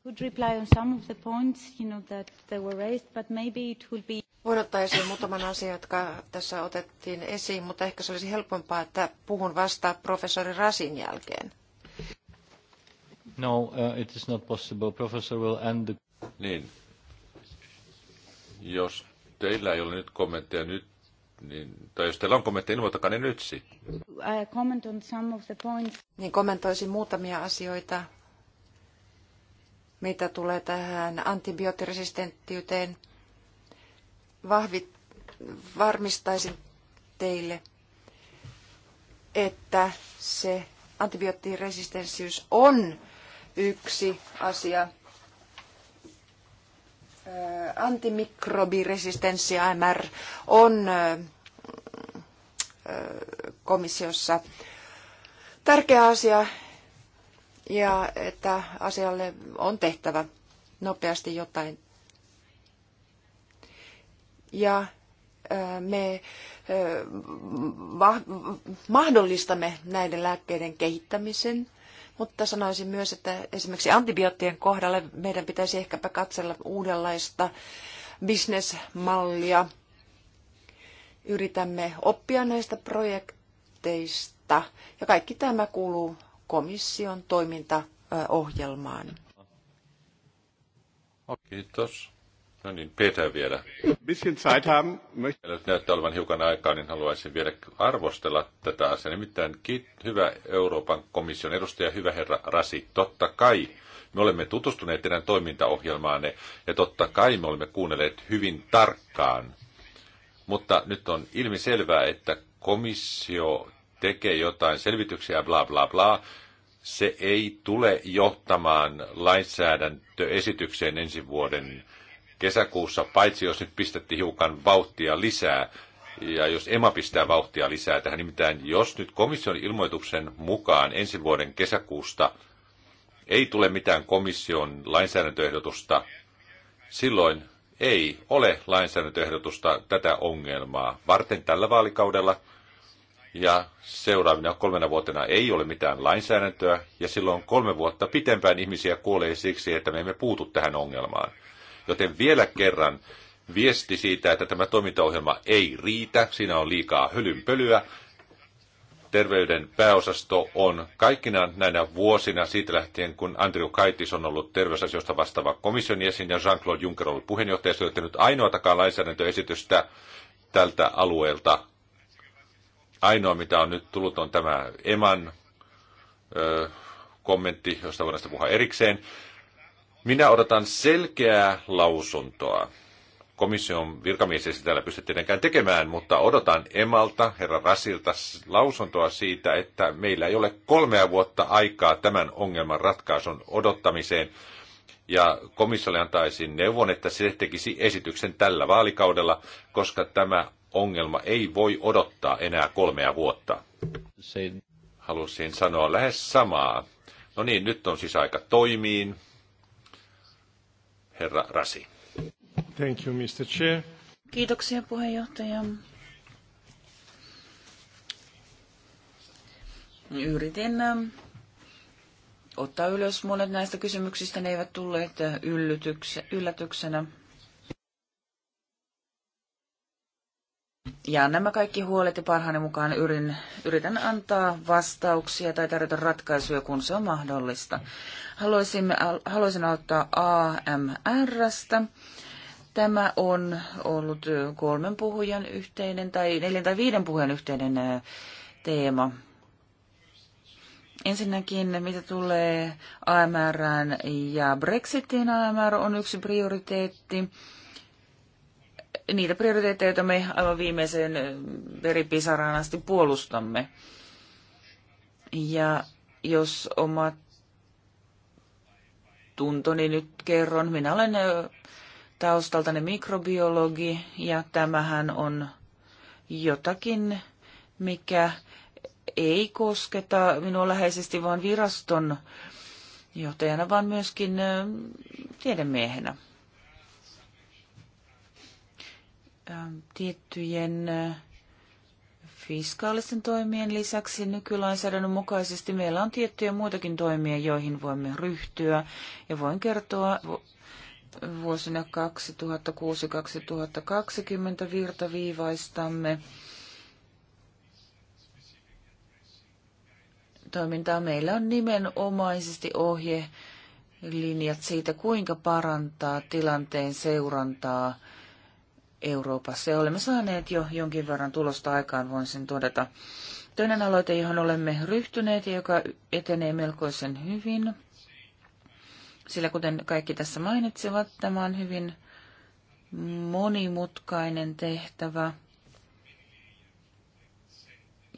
would reply on some of the points, you know, that they were raised, but maybe it will be... Odottaisin muutaman asian, jotka tässä otettiin esiin, mutta ehkä se olisi helpompaa, että puhun vasta professori Rasin jälkeen. No, uh, it is not possible. Professor will end the... Niin. Jos teillä ei ole nyt kommentteja nyt, niin, tai jos teillä on kommentteja, ilmoittakaa niin ne nyt sitten. Niin kommentoisin muutamia asioita, mitä tulee tähän antibioottiresistenttiyteen. Vahvit, varmistaisin teille, että se antibioottiresistenssiys on yksi asia. Antimikrobiresistenssi AMR on komissiossa tärkeä asia ja että asialle on tehtävä nopeasti jotain. Ja me mahdollistamme näiden lääkkeiden kehittämisen, mutta sanoisin myös, että esimerkiksi antibioottien kohdalle meidän pitäisi ehkäpä katsella uudenlaista bisnesmallia. Yritämme oppia näistä projekteista ja kaikki tämä kuuluu komission toimintaohjelmaan. Kiitos. No niin, Peter vielä. Bisschen Zeit haben. Nyt näyttää olevan hiukan aikaa, niin haluaisin vielä arvostella tätä asiaa. Nimittäin hyvä Euroopan komission edustaja, hyvä herra Rasi. Totta kai me olemme tutustuneet teidän toimintaohjelmaanne ja totta kai me olemme kuunnelleet hyvin tarkkaan. Mutta nyt on ilmi selvää, että komissio tekee jotain selvityksiä, bla bla bla, se ei tule johtamaan lainsäädäntöesitykseen ensi vuoden kesäkuussa, paitsi jos nyt pistettiin hiukan vauhtia lisää, ja jos EMA pistää vauhtia lisää tähän, nimittäin jos nyt komission ilmoituksen mukaan ensi vuoden kesäkuusta ei tule mitään komission lainsäädäntöehdotusta, silloin ei ole lainsäädäntöehdotusta tätä ongelmaa varten tällä vaalikaudella – ja seuraavina kolmena vuotena ei ole mitään lainsäädäntöä, ja silloin kolme vuotta pitempään ihmisiä kuolee siksi, että me emme puutu tähän ongelmaan. Joten vielä kerran viesti siitä, että tämä toimintaohjelma ei riitä, siinä on liikaa hölynpölyä. Terveyden pääosasto on kaikkina näinä vuosina siitä lähtien, kun Andrew Kaitis on ollut terveysasioista vastaava komission jäsen ja Jean-Claude Juncker on ollut puheenjohtaja, löytänyt ainoatakaan lainsäädäntöesitystä tältä alueelta Ainoa, mitä on nyt tullut, on tämä Eman ö, kommentti, josta voidaan sitä puhua erikseen. Minä odotan selkeää lausuntoa. Komission virkamies ei täällä pysty tietenkään tekemään, mutta odotan Emalta, herra Rasilta, lausuntoa siitä, että meillä ei ole kolmea vuotta aikaa tämän ongelman ratkaisun odottamiseen. Ja komissiolle antaisin neuvon, että se tekisi esityksen tällä vaalikaudella, koska tämä ongelma ei voi odottaa enää kolmea vuotta. Halusin sanoa lähes samaa. No niin, nyt on siis aika toimiin. Herra Rasi. Thank you, Mr. Chair. Kiitoksia puheenjohtaja. Yritin ähm, ottaa ylös monet näistä kysymyksistä. Ne eivät tulleet äh, yllätyksenä. Ja nämä kaikki huolet ja parhaani mukaan yrin, yritän antaa vastauksia tai tarjota ratkaisuja, kun se on mahdollista. Haluaisin haluaisin auttaa AMRstä. Tämä on ollut kolmen puhujan yhteinen tai neljän tai viiden puhujan yhteinen teema. Ensinnäkin, mitä tulee AMRään ja Brexitin AMR on yksi prioriteetti niitä prioriteetteja, joita me aivan viimeisen veripisaraan asti puolustamme. Ja jos oma tuntoni nyt kerron, minä olen taustaltani mikrobiologi ja tämähän on jotakin, mikä ei kosketa minua läheisesti vaan viraston johtajana, vaan myöskin tiedemiehenä. Ähm, tiettyjen äh, fiskaalisten toimien lisäksi nykylainsäädännön mukaisesti meillä on tiettyjä muitakin toimia, joihin voimme ryhtyä. Ja voin kertoa vuosina 2006-2020 virtaviivaistamme toimintaa. Meillä on nimenomaisesti ohje linjat siitä, kuinka parantaa tilanteen seurantaa Euroopassa. Ja olemme saaneet jo jonkin verran tulosta aikaan, voin sen todeta. Toinen aloite, johon olemme ryhtyneet ja joka etenee melkoisen hyvin, sillä kuten kaikki tässä mainitsevat, tämä on hyvin monimutkainen tehtävä.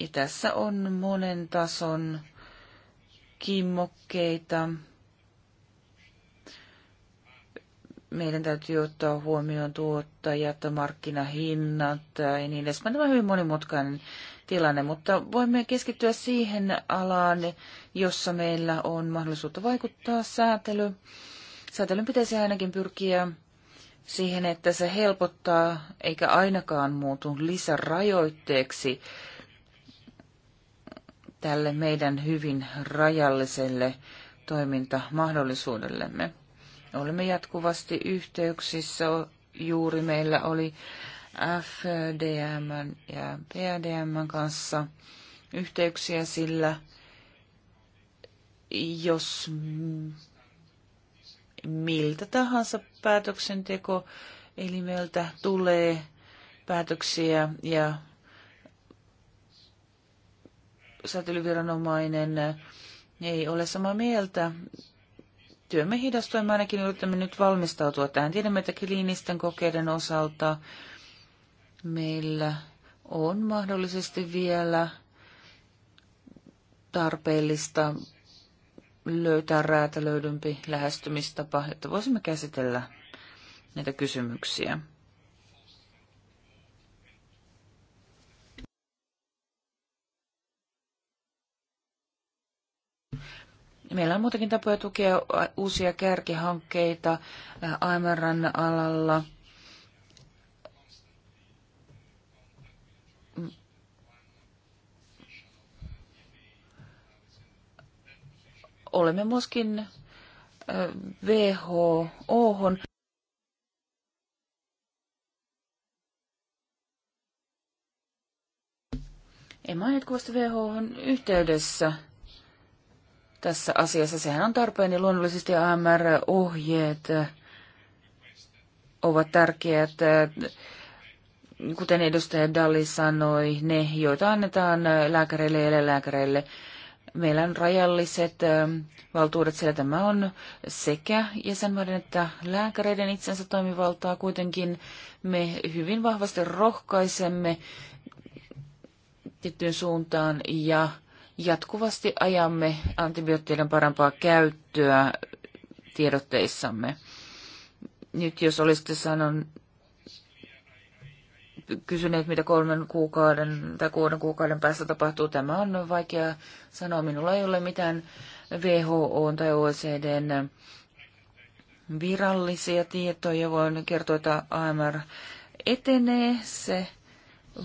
Ja tässä on monen tason kimmokkeita, meidän täytyy ottaa huomioon tuottajat, markkinahinnat ja niin edespäin. Tämä on hyvin monimutkainen tilanne, mutta voimme keskittyä siihen alaan, jossa meillä on mahdollisuutta vaikuttaa säätely. Säätelyn pitäisi ainakin pyrkiä siihen, että se helpottaa eikä ainakaan muutu lisärajoitteeksi tälle meidän hyvin rajalliselle toimintamahdollisuudellemme olemme jatkuvasti yhteyksissä. Juuri meillä oli FDM ja PDM kanssa yhteyksiä, sillä jos miltä tahansa päätöksenteko elimeltä tulee päätöksiä ja säätelyviranomainen ei ole samaa mieltä työmme hidastui. Me ainakin yritämme nyt valmistautua tähän. Tiedämme, että kliinisten kokeiden osalta meillä on mahdollisesti vielä tarpeellista löytää räätälöidympi lähestymistapa, jotta voisimme käsitellä näitä kysymyksiä. Meillä on muitakin tapoja tukea uusia kärkihankkeita AMRn alalla. Olemme myöskin WHOhon en mainitkuvasta WHO on yhteydessä tässä asiassa. Sehän on tarpeen ja niin luonnollisesti AMR-ohjeet ovat tärkeät. Kuten edustaja Dalli sanoi, ne, joita annetaan lääkäreille ja eläinlääkäreille, meillä on rajalliset valtuudet, sillä tämä on sekä jäsenmaiden että lääkäreiden itsensä toimivaltaa. Kuitenkin me hyvin vahvasti rohkaisemme tiettyyn suuntaan ja jatkuvasti ajamme antibiootteiden parempaa käyttöä tiedotteissamme. Nyt jos olisitte sanon, kysyneet, mitä kolmen kuukauden tai kuuden kuukauden päästä tapahtuu, tämä on vaikea sanoa. Minulla ei ole mitään WHO tai OECDn virallisia tietoja. Voin kertoa, että AMR etenee, se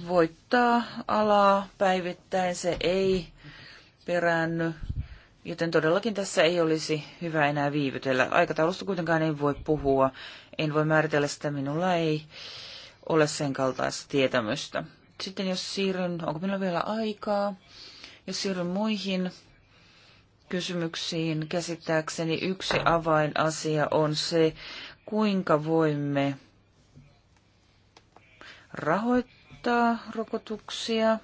voittaa alaa päivittäin, se ei peräänny, joten todellakin tässä ei olisi hyvä enää viivytellä. Aikataulusta kuitenkaan ei voi puhua, en voi määritellä sitä, minulla ei ole sen kaltaista tietämystä. Sitten jos siirryn, onko minulla vielä aikaa, jos siirryn muihin kysymyksiin, käsittääkseni yksi avainasia on se, kuinka voimme rahoittaa rokotuksia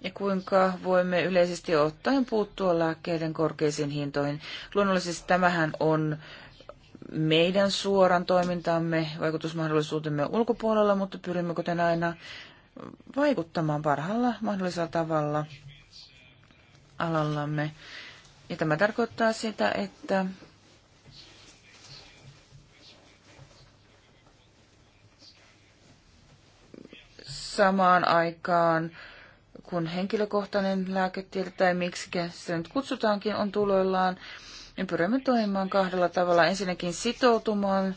ja kuinka voimme yleisesti ottaen puuttua lääkkeiden korkeisiin hintoihin. Luonnollisesti tämähän on meidän suoran toimintamme, vaikutusmahdollisuutemme ulkopuolella, mutta pyrimme kuten aina vaikuttamaan parhaalla mahdollisella tavalla alallamme. Ja tämä tarkoittaa sitä, että samaan aikaan kun henkilökohtainen lääketiede tai miksi se nyt kutsutaankin on tuloillaan, niin pyrimme toimimaan kahdella tavalla. Ensinnäkin sitoutumaan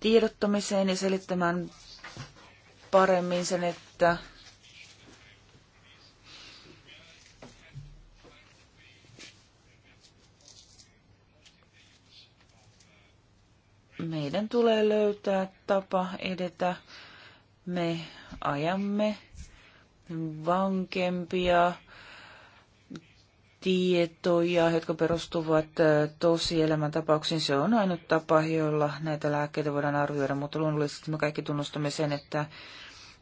tiedottamiseen ja selittämään paremmin sen, että meidän tulee löytää tapa edetä. Me ajamme vankempia tietoja, jotka perustuvat tosielämän tapauksiin. Se on ainut tapa, jolla näitä lääkkeitä voidaan arvioida, mutta luonnollisesti me kaikki tunnustamme sen, että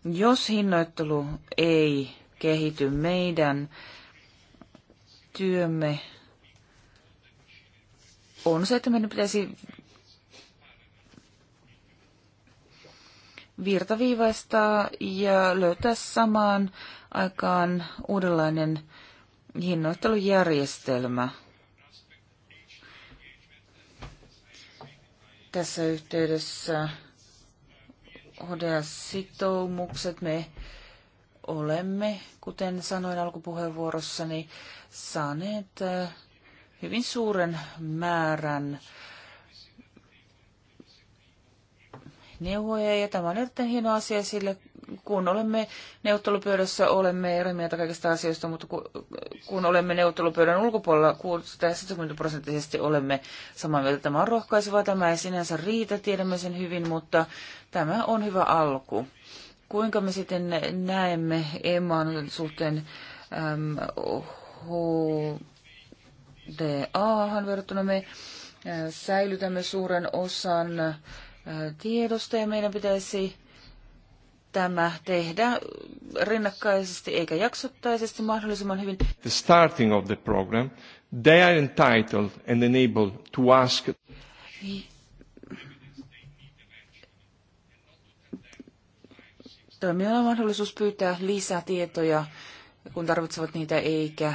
jos hinnoittelu ei kehity meidän työmme on se, että meidän pitäisi virtaviivaistaa ja löytää samaan aikaan uudenlainen hinnoittelujärjestelmä. Tässä yhteydessä HDS-sitoumukset me olemme, kuten sanoin alkupuheenvuorossani, saaneet äh, hyvin suuren määrän neuvoja ja tämä on erittäin hieno asia, sillä kun olemme neuvottelupöydässä, olemme eri mieltä kaikista asioista, mutta kun olemme neuvottelupöydän ulkopuolella, 70 prosenttisesti olemme samaa mieltä. Tämä on rohkaiseva, tämä ei sinänsä riitä, tiedämme sen hyvin, mutta tämä on hyvä alku. Kuinka me sitten näemme Emman suhteen äm, HDA-han verrattuna me säilytämme suuren osan tiedosta ja meidän pitäisi tämä tehdä rinnakkaisesti eikä jaksottaisesti mahdollisimman hyvin. The starting of the program, they are entitled and enabled to ask Toimijoilla on mahdollisuus pyytää lisätietoja, kun tarvitsevat niitä, eikä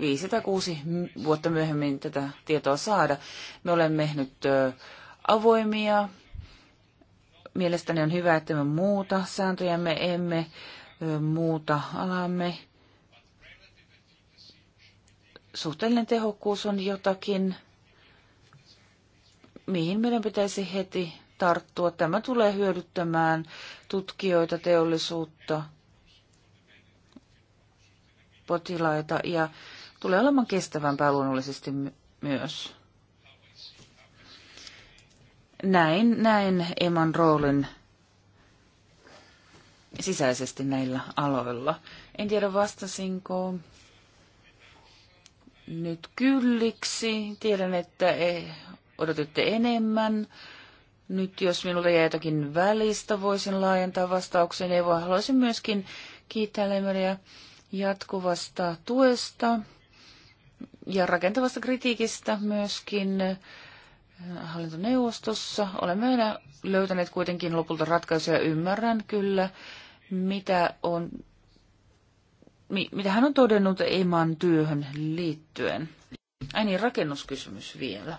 viisi tai kuusi vuotta myöhemmin tätä tietoa saada. Me olemme nyt avoimia Mielestäni on hyvä, että me muuta sääntöjämme, emme muuta alamme. Suhteellinen tehokkuus on jotakin, mihin meidän pitäisi heti tarttua. Tämä tulee hyödyttämään tutkijoita, teollisuutta, potilaita ja tulee olemaan kestävämpää luonnollisesti myös näin, näin Eman roolin sisäisesti näillä aloilla. En tiedä vastasinko nyt kylliksi. Tiedän, että e, odotitte enemmän. Nyt jos minulta jää jotakin välistä, voisin laajentaa vastauksen. Evo, Haluaisin myöskin kiittää Lemeriä jatkuvasta tuesta ja rakentavasta kritiikistä myöskin hallintoneuvostossa. Olemme aina löytäneet kuitenkin lopulta ratkaisuja. Ymmärrän kyllä, mitä on, mi, mitä hän on todennut Eman työhön liittyen. Ai niin, rakennuskysymys vielä.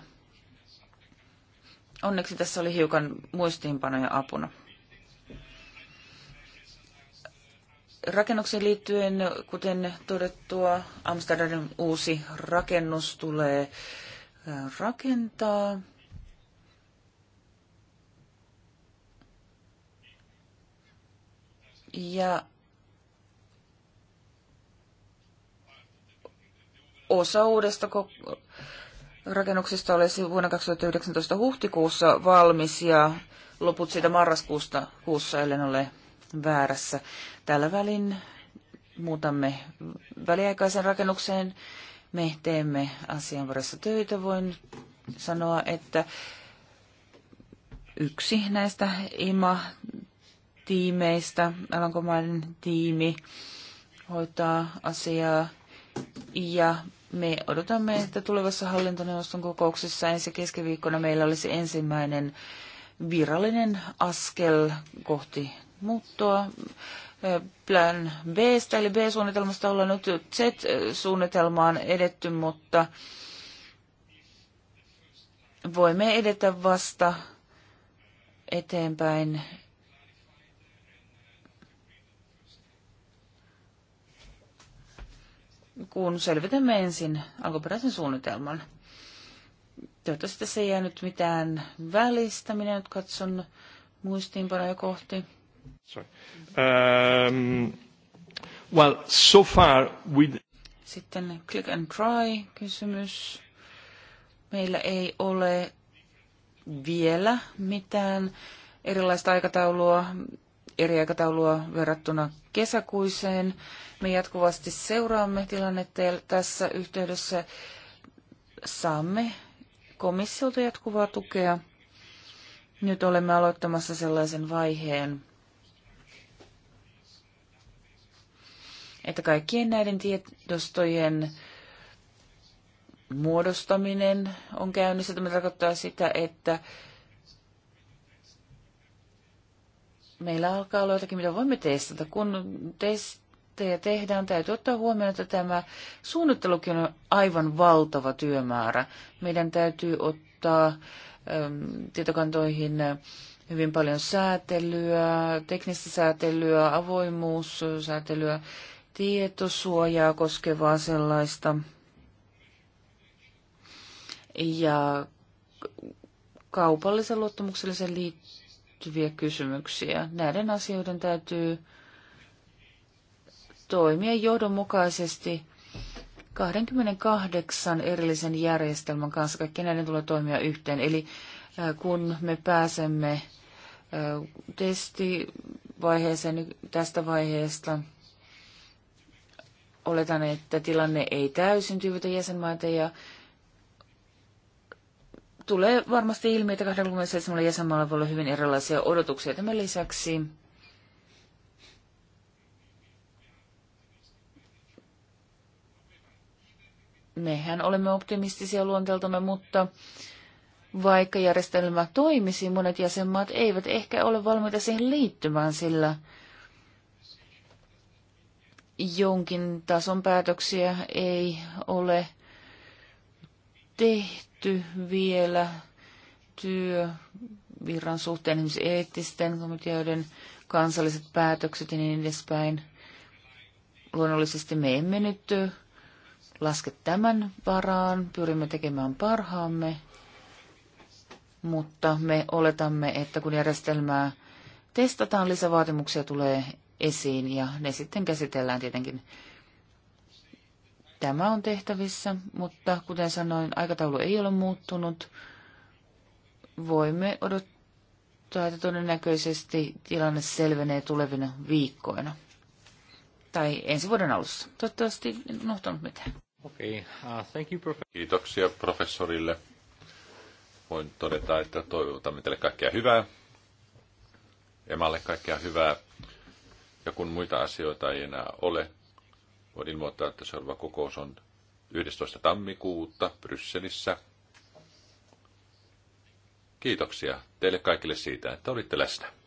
Onneksi tässä oli hiukan muistiinpanoja apuna. rakennuksiin liittyen, kuten todettua, Amsterdamin uusi rakennus tulee äh, rakentaa. Ja osa uudesta rakennuksista olisi vuonna 2019 huhtikuussa valmis ja loput siitä marraskuusta kuussa, ellen ole väärässä. Tällä välin muutamme väliaikaisen rakennukseen. Me teemme asian varassa töitä. Voin sanoa, että yksi näistä ima tiimeistä. Alankomaiden tiimi hoitaa asiaa ja me odotamme, että tulevassa hallintoneuvoston kokouksessa ensi keskiviikkona meillä olisi ensimmäinen virallinen askel kohti muuttoa. Plan B, eli B-suunnitelmasta ollaan nyt Z-suunnitelmaan edetty, mutta voimme edetä vasta eteenpäin kun selvitämme ensin alkuperäisen suunnitelman. Toivottavasti tässä ei jäänyt mitään välistä. Minä nyt katson muistiinpanoja kohti. Sorry. Um, well, so far with... Sitten click and try kysymys. Meillä ei ole vielä mitään erilaista aikataulua eri aikataulua verrattuna kesäkuiseen. Me jatkuvasti seuraamme tilannetta ja tässä yhteydessä saamme komissiolta jatkuvaa tukea. Nyt olemme aloittamassa sellaisen vaiheen, että kaikkien näiden tiedostojen muodostaminen on käynnissä. Tämä tarkoittaa sitä, että meillä alkaa olla jotakin, mitä voimme testata. Kun testejä tehdään, täytyy ottaa huomioon, että tämä suunnittelukin on aivan valtava työmäärä. Meidän täytyy ottaa ähm, tietokantoihin äh, hyvin paljon säätelyä, teknistä säätelyä, avoimuussäätelyä, tietosuojaa koskevaa sellaista. Ja kaupallisen luottamuksellisen liittyen liittyviä kysymyksiä. Näiden asioiden täytyy toimia johdonmukaisesti 28 erillisen järjestelmän kanssa. Kaikki näiden tulee toimia yhteen. Eli äh, kun me pääsemme äh, testivaiheeseen niin tästä vaiheesta, oletan, että tilanne ei täysin tyyvytä jäsenmaita ja tulee varmasti ilmi, että 27 jäsenmaalla voi olla hyvin erilaisia odotuksia. Tämän lisäksi mehän olemme optimistisia luonteeltamme, mutta vaikka järjestelmä toimisi, monet jäsenmaat eivät ehkä ole valmiita siihen liittymään, sillä jonkin tason päätöksiä ei ole tehty tehty vielä työvirran suhteen, esimerkiksi eettisten komiteoiden kansalliset päätökset ja niin edespäin. Luonnollisesti me emme nyt laske tämän varaan, pyrimme tekemään parhaamme, mutta me oletamme, että kun järjestelmää testataan, lisävaatimuksia tulee esiin ja ne sitten käsitellään tietenkin Tämä on tehtävissä, mutta kuten sanoin, aikataulu ei ole muuttunut. Voimme odottaa, että todennäköisesti tilanne selvenee tulevina viikkoina. Tai ensi vuoden alussa. Toivottavasti en unohtanut mitään. Okay. Uh, thank you, prof- Kiitoksia professorille. Voin todeta, että toivotamme teille kaikkea hyvää. Emalle kaikkea hyvää. Ja kun muita asioita ei enää ole, Voin ilmoittaa, että seuraava kokous on 11. tammikuuta Brysselissä. Kiitoksia teille kaikille siitä, että olitte läsnä.